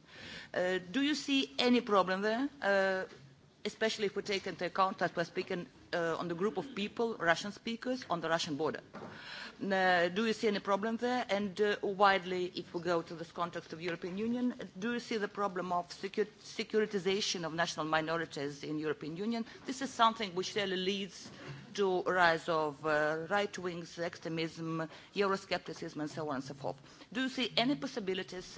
Uh, do you see any problem there, uh, especially if we take into account that we're speaking uh, on the group of people, Russian speakers, on the Russian border? do you see any problem there? And widely, if we go to this context of European Union, do you see the problem of securitization of national minorities in European Union? This is something which really leads to a rise of right-wing extremism, Euroscepticism, and so on and so forth. Do you see any possibilities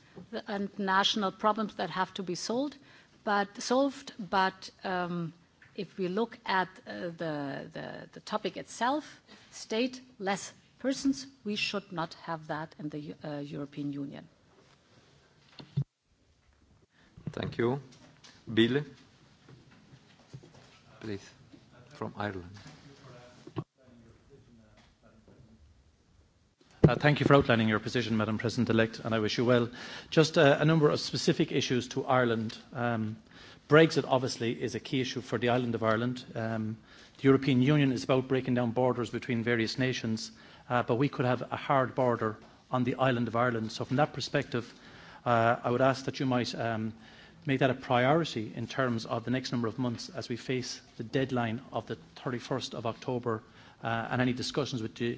and national problems that have to be solved, but solved. But um, if we look at uh, the, topic itself, state less persons, we should not have that in the uh, European Union. Thank you. Bill, please, from Ireland. Uh, thank you for outlining your position, Madam President-elect, and I wish you well. Just uh, a number of specific issues to Ireland. Um, Brexit, obviously, is a key issue for the island of Ireland. Um, the European Union is about breaking down borders between various nations, uh, but we could have a hard border on the island of Ireland. So from that perspective, uh, I would ask that you might um, make that a priority in terms of the next number of months as we face the deadline of the 31st of October uh, and any discussions with the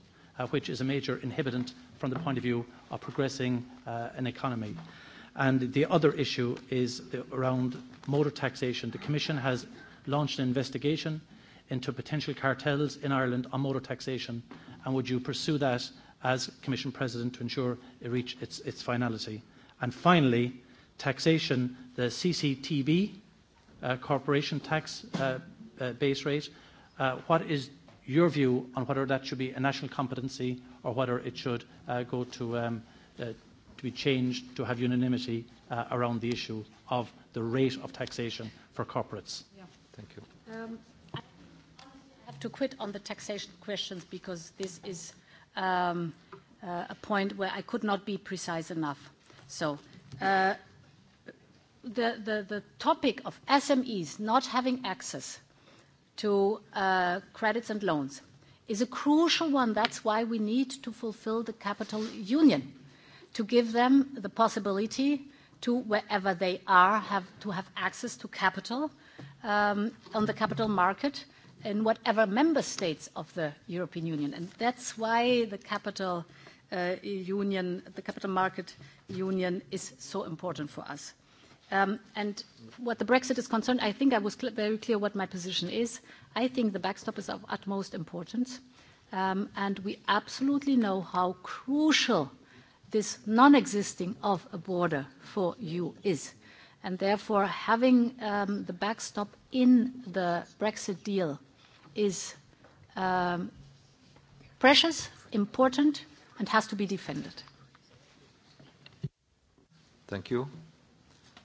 Uh, which is a major inhibitant from the point of view of progressing uh, an economy. And the other issue is the, around motor taxation. The Commission has launched an investigation into potential cartels in Ireland on motor taxation, and would you pursue that as Commission President to ensure it reach its, its finality? And finally, taxation, the CCTB uh, corporation tax uh, uh, base rate. Uh, what is your view on whether that should be a national competency or whether it should uh, go to, um, uh, to be changed to have unanimity uh, around the issue of the rate of taxation for corporates. Yeah. Thank you. Um, I have to quit on the taxation questions because this is um, uh, a point where I could not be precise enough. So uh, the, the, the topic of SMEs not having access to uh, credits and loans is a crucial one. That's why we need to fulfill the capital union, to give them the possibility to, wherever they are, have, to have access to capital um, on the capital market in whatever member states of the European Union. And that's why the capital uh, union, the capital market union is so important for us. Um, and what the Brexit is concerned, I think I was very clear what my position is. I think the backstop is of utmost importance. Um, and we absolutely know how crucial this non-existing of a border for you is. And therefore, having um, the backstop in the Brexit deal is um, precious, important, and has to be defended. Thank you.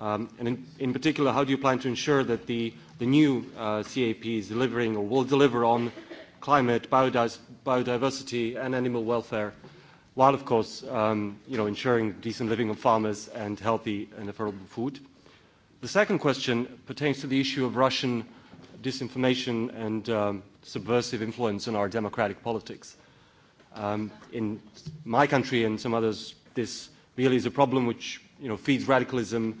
Um, and in, particular, how do you plan to ensure that the, the new uh, CAP is delivering or will deliver on climate, biodiversity, and animal welfare, while, of course, um, you know, ensuring decent living of farmers and healthy and affordable food? The second question pertains to the issue of Russian disinformation and um, subversive influence on our democratic politics. in my country and some others, this really is a problem which you know, feeds radicalism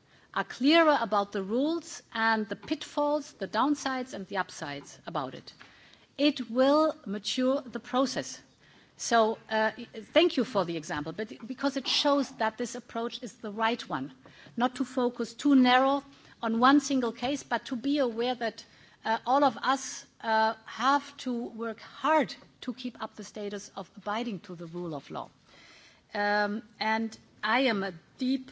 are clearer about the rules and the pitfalls, the downsides and the upsides about it. It will mature the process. So uh, thank you for the example, but because it shows that this approach is the right one, not to focus too narrow on one single case, but to be aware that uh, all of us uh, have to work hard to keep up the status of abiding to the rule of law. Um, and I am a deep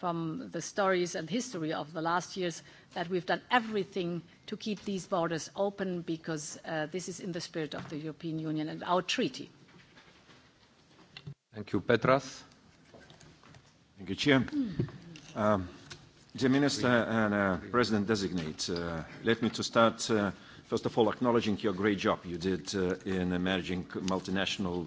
from the stories and history of the last years that we've done everything to keep these borders open because uh, this is in the spirit of the European Union and our treaty. Thank you, Petras. Thank you, Chair. Um, Dear Minister and uh, President-designate, uh, let me to start, first of all, acknowledging your great job you did in emerging multinational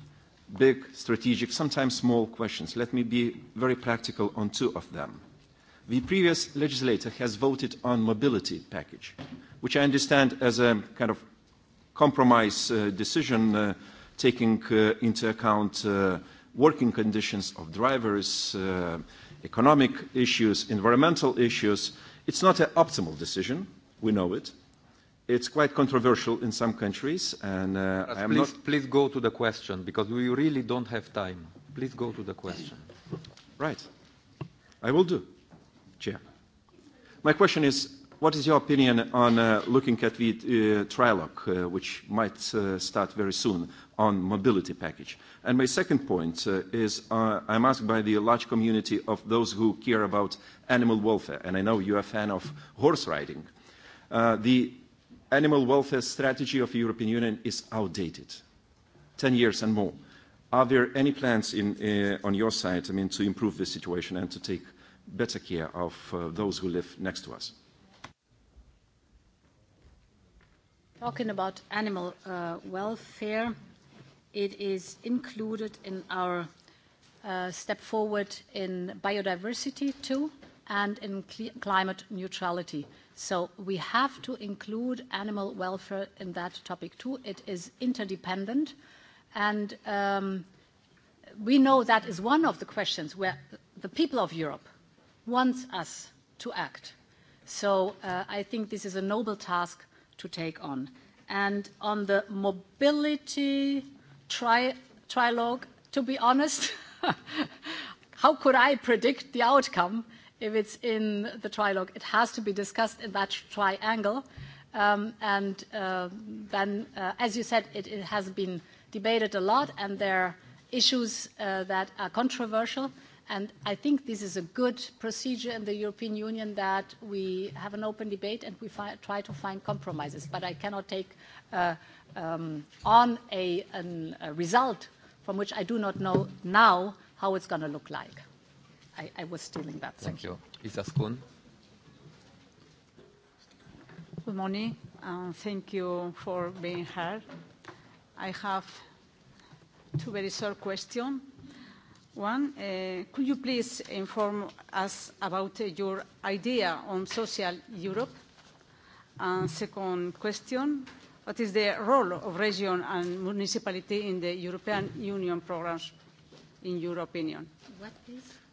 big, strategic, sometimes small questions. Let me be very practical on two of them. The previous legislator has voted on mobility package, which I understand as a kind of compromise uh, decision uh, taking uh, into account working conditions of drivers, economic issues, environmental issues. It's not an optimal decision, we know it, it's quite controversial in some countries and uh, I am please, not... Please go to the question because we really don't have time. Please go to the question. Right. I will do, Chair. My question is, what is your opinion on uh, looking at the uh, trilogue, uh, which might uh, start very soon, on mobility package? And my second point uh, is, uh, I'm asked by the large community of those who care about animal welfare, and I know you are a fan of horse riding. The animal welfare strategy of the European Union is outdated. Ten years and more. Are there any plans in, uh, on your side, I mean, to improve the situation and to take better care of uh, those who live next to us? Talking about animal uh, welfare, it is included in our step forward in biodiversity too and in climate neutrality. So we have to include animal welfare in that topic too. It is interdependent. And um, we know that is one of the questions where the people of Europe want us to act. So uh, I think this is a noble task to take on. And on the mobility trilogue, to be honest, how could I predict the outcome? if it's in the trilogue, it has to be discussed in that triangle. Um, and uh, then, uh, as you said, it, has been debated a lot, and there are issues uh, that are controversial. And I think this is a good procedure in the European Union that we have an open debate and we try to find compromises. But I cannot take um, on a, a result from which I do not know now how it's going to look like. I, was stealing that. Thank, you. Lisa Schoon. Good morning. and thank you for being here. I have two very short questions. One, uh, could you please inform us about uh, your idea on social Europe? And second question, what is the role of region and municipality in the European Union programs, in your opinion? What, please?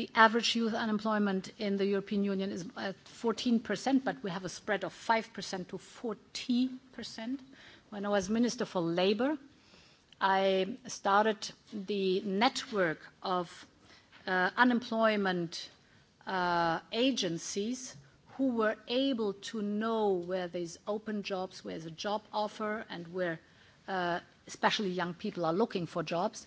The average youth unemployment in the European Union is at uh, 14%, but we have a spread of 5% to 40%. When I was Minister for Labour, I started the network of uh, unemployment uh, agencies who were able to know where there's open jobs, where there's a job offer, and where especially young people are looking for jobs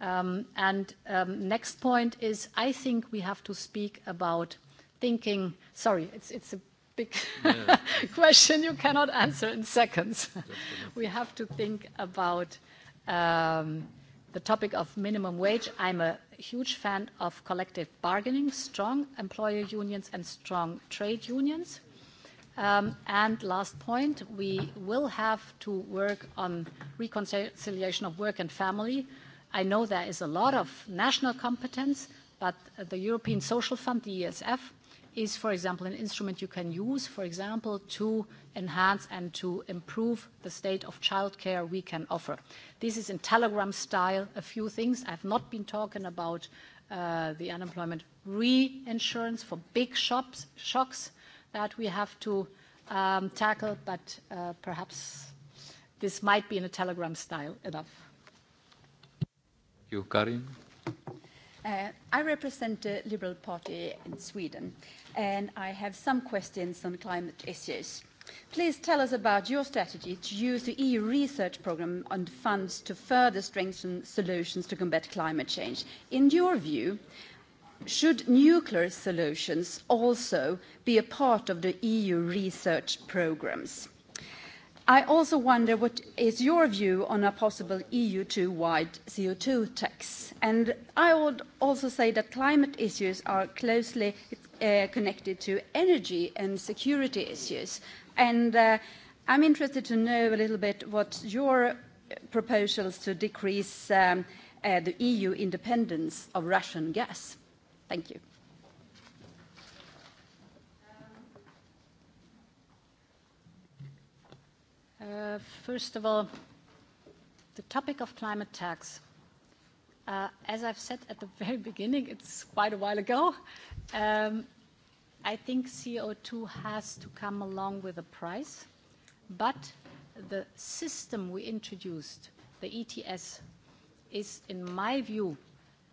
Um, and um, next point is, I think we have to speak about thinking. Sorry, it's it's a big question you cannot answer in seconds. we have to think about um, the topic of minimum wage. I'm a huge fan of collective bargaining, strong employer unions and strong trade unions. Um, and last point, we will have to work on reconciliation of work and family i know there is a lot of national competence but the european social fund the esf is for example an instrument you can use for example to enhance and to improve the state of childcare we can offer this is in telegram style a few things i've not been talking about uh, the unemployment reinsurance for big shops, shocks that we have to um, tackle but uh, perhaps this might be in a telegram style enough you, Karin. Eh, I represent the Liberal Party in Sweden, and I have some questions on climate issues. Please tell us about your strategy to use the EU research programme on funds to further strengthen solutions to combat climate change. In your view, should nuclear solutions also be a part of the EU research programmes? I also wonder what is your view on a possible EU-wide CO2 tax? And I would also say that climate issues are closely uh, connected to energy and security issues. And uh, I'm interested to know a little bit what your proposals to decrease um, uh, the EU independence of Russian gas. Thank you. Uh, first of all, the topic of climate tax. Uh, as I've said at the very beginning, it's quite a while ago, um, I think CO2 has to come along with a price, but the system we introduced, the ETS, is, in my view,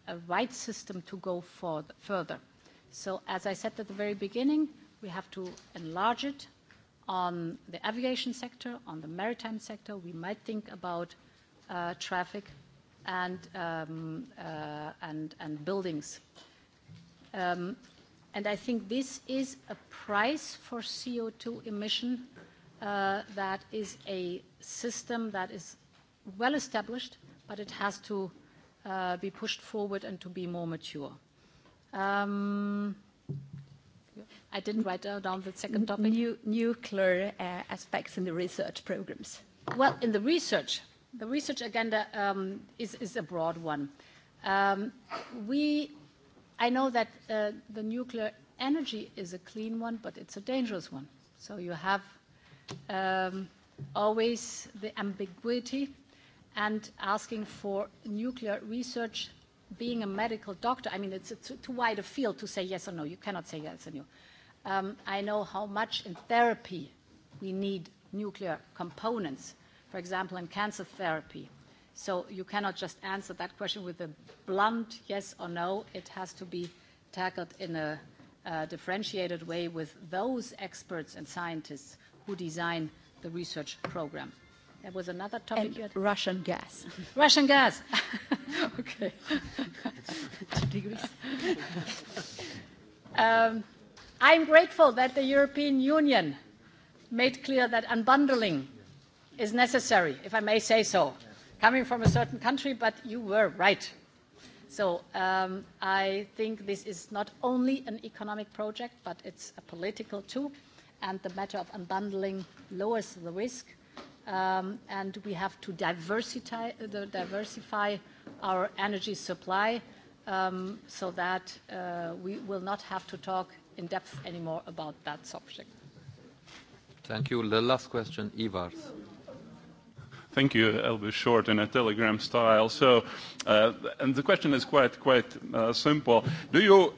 a right system to go for further. So as I said at the very beginning, we have to enlarge it, on the aviation sector, on the maritime sector. We might think about uh, traffic and, um, uh, and, and buildings. Um, and I think this is a price for CO2 emission uh, that is a system that is well established, but it has to uh, be pushed forward and to be more mature. Um, i didn't write down the second topic. nuclear uh, aspects in the research programs. Well, in the research, the research agenda um, is, is a broad one. Um, we, I know that uh, the nuclear energy is a clean one, but it's a dangerous one. So you have um, always the ambiguity and asking for nuclear research being a medical doctor, I mean, it's too wide a field to say yes or no. You cannot say yes or no. Um, I know how much in therapy we need nuclear components, for example, in cancer therapy. So you cannot just answer that question with a blunt yes or no. It has to be tackled in a uh, differentiated way with those experts and scientists who design the research program. There was another topic you had? Russian gas. Russian gas. okay. um, i am grateful that the European Union made clear that unbundling is necessary, if I may say so, coming from a certain country, but you were right. So um, I think this is not only an economic project, but it's a political too, and the matter of unbundling lowers the risk, um, and we have to diversify, diversify our energy supply um, so that uh, we will not have to talk in depth anymore about that subject. Thank you. The last question, Ivars. Thank you. I'll be short in a telegram style. So, uh, and the question is quite, quite uh, simple. Do you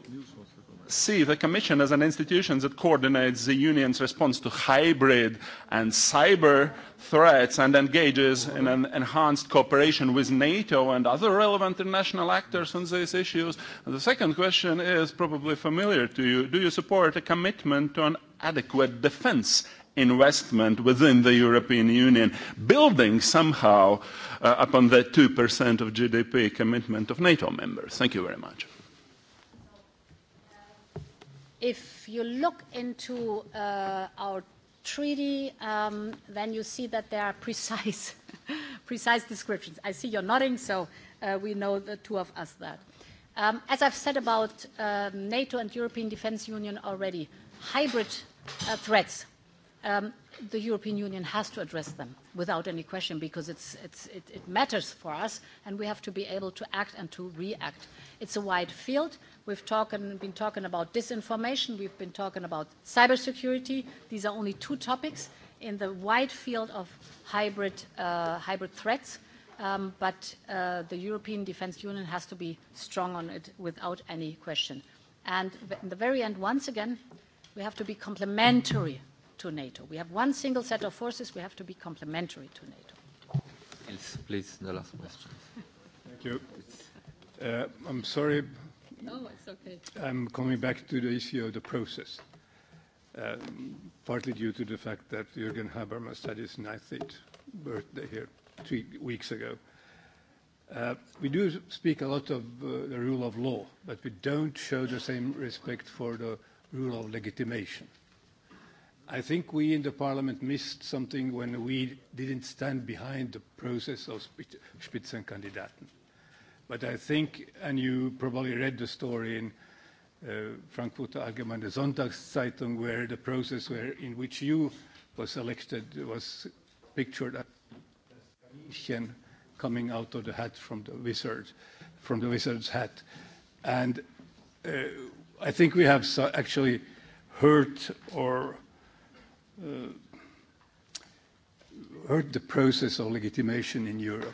see the Commission as an institution that coordinates the Union's response to hybrid and cyber threats and engages in an enhanced cooperation with NATO and other relevant international actors on these issues. And the second question is probably familiar to you. Do you support a commitment to an adequate defence investment within the European Union, building somehow uh, upon the 2% of GDP commitment of NATO members? Thank you very much if you look into uh, our treaty, um, then you see that there are precise, precise descriptions. I see you're nodding, so uh, we know, the two of us, that. Um, as I've said about uh, NATO and European Defence Union already, hybrid uh, threats, um, the European Union has to address them without any question because it's, it's, it, it matters for us and we have to be able to act and to react. It's a wide field We've talking, been talking about disinformation. We've been talking about cybersecurity. These are only two topics in the wide field of hybrid, uh, hybrid threats. Um, but uh, the European Defence Union has to be strong on it without any question. And in the very end, once again, we have to be complementary to NATO. We have one single set of forces. We have to be complementary to NATO. please, the last question. Thank you. Uh, I'm sorry, no, oh, it's okay. I'm coming back to the issue of the process, um, partly due to the fact that Jürgen Habermas had his 90th birthday here three weeks ago. Uh, we do speak a lot of uh, the rule of law, but we don't show the same respect for the rule of legitimation. I think we in the parliament missed something when we didn't stand behind the process of Spitzenkandidaten. But I think, and you probably read the story in uh, Frankfurter Allgemeine Sonntagszeitung, where the process where, in which you was elected was pictured as Kaninchen coming out of the hat from the wizard, from the wizard's hat. And uh, I think we have so actually heard or uh, the process of legitimation in Europe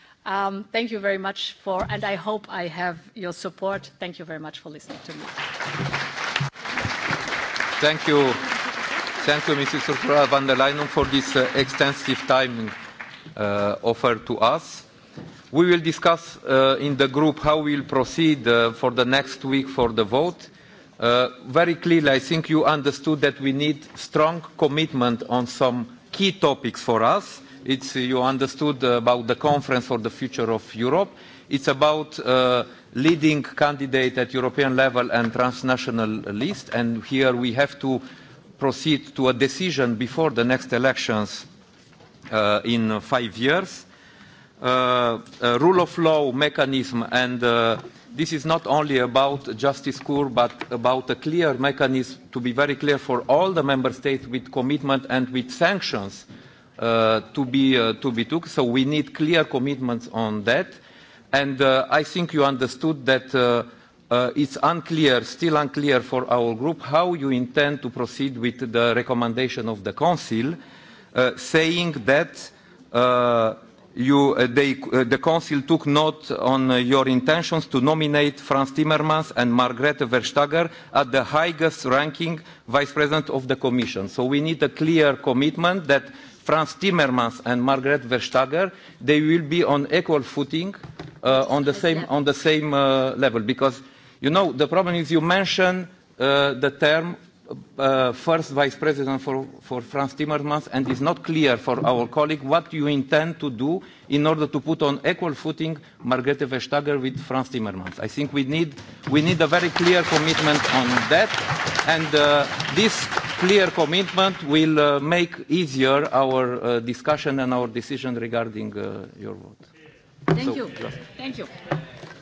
Um, thank you very much for, and I hope I have your support. Thank you very much for listening to me. Thank you. Thank you, Mrs. Ursula van der Leyen, for this uh, extensive time uh, offered to us. We will discuss uh, in the group how we will proceed for the next week for the vote. very clearly, I think you understood that we need strong commitment on some key topics for us It's, uh, you understood about the Conference for the Future of Europe. It's about uh, leading candidate at European level and transnational list. And here we have to proceed to a decision before the next elections uh, in five years. rule of law mechanism and this is not only about justice core but about a clear mechanism to be very clear for all the member states with commitment and with sanctions Uh, uh, to be took so we need clear commitments on that and uh, i think you understood that it's unclear still unclear for our group how you intend to proceed with the recommendation of the council saying that the council took note on your intentions to nominate Franz Timmermans and Margrethe Vestager at the highest ranking vice president of the commission so we need a clear commitment that Franz Timmermans and Margaret Vestager, they will be on equal footing uh, on the same, on the same uh, level. Because, you know, the problem is you mention uh, the term Uh, first Vice President for, for Franz Timmermans, and it's not clear for our colleague what you intend to do in order to put on equal footing Margrethe Vestager with Franz Timmermans. I think we need, we need a very clear commitment on that, and uh, this clear commitment will uh, make easier our uh, discussion and our decision regarding uh, your vote. Thank so, you. Just. Thank you.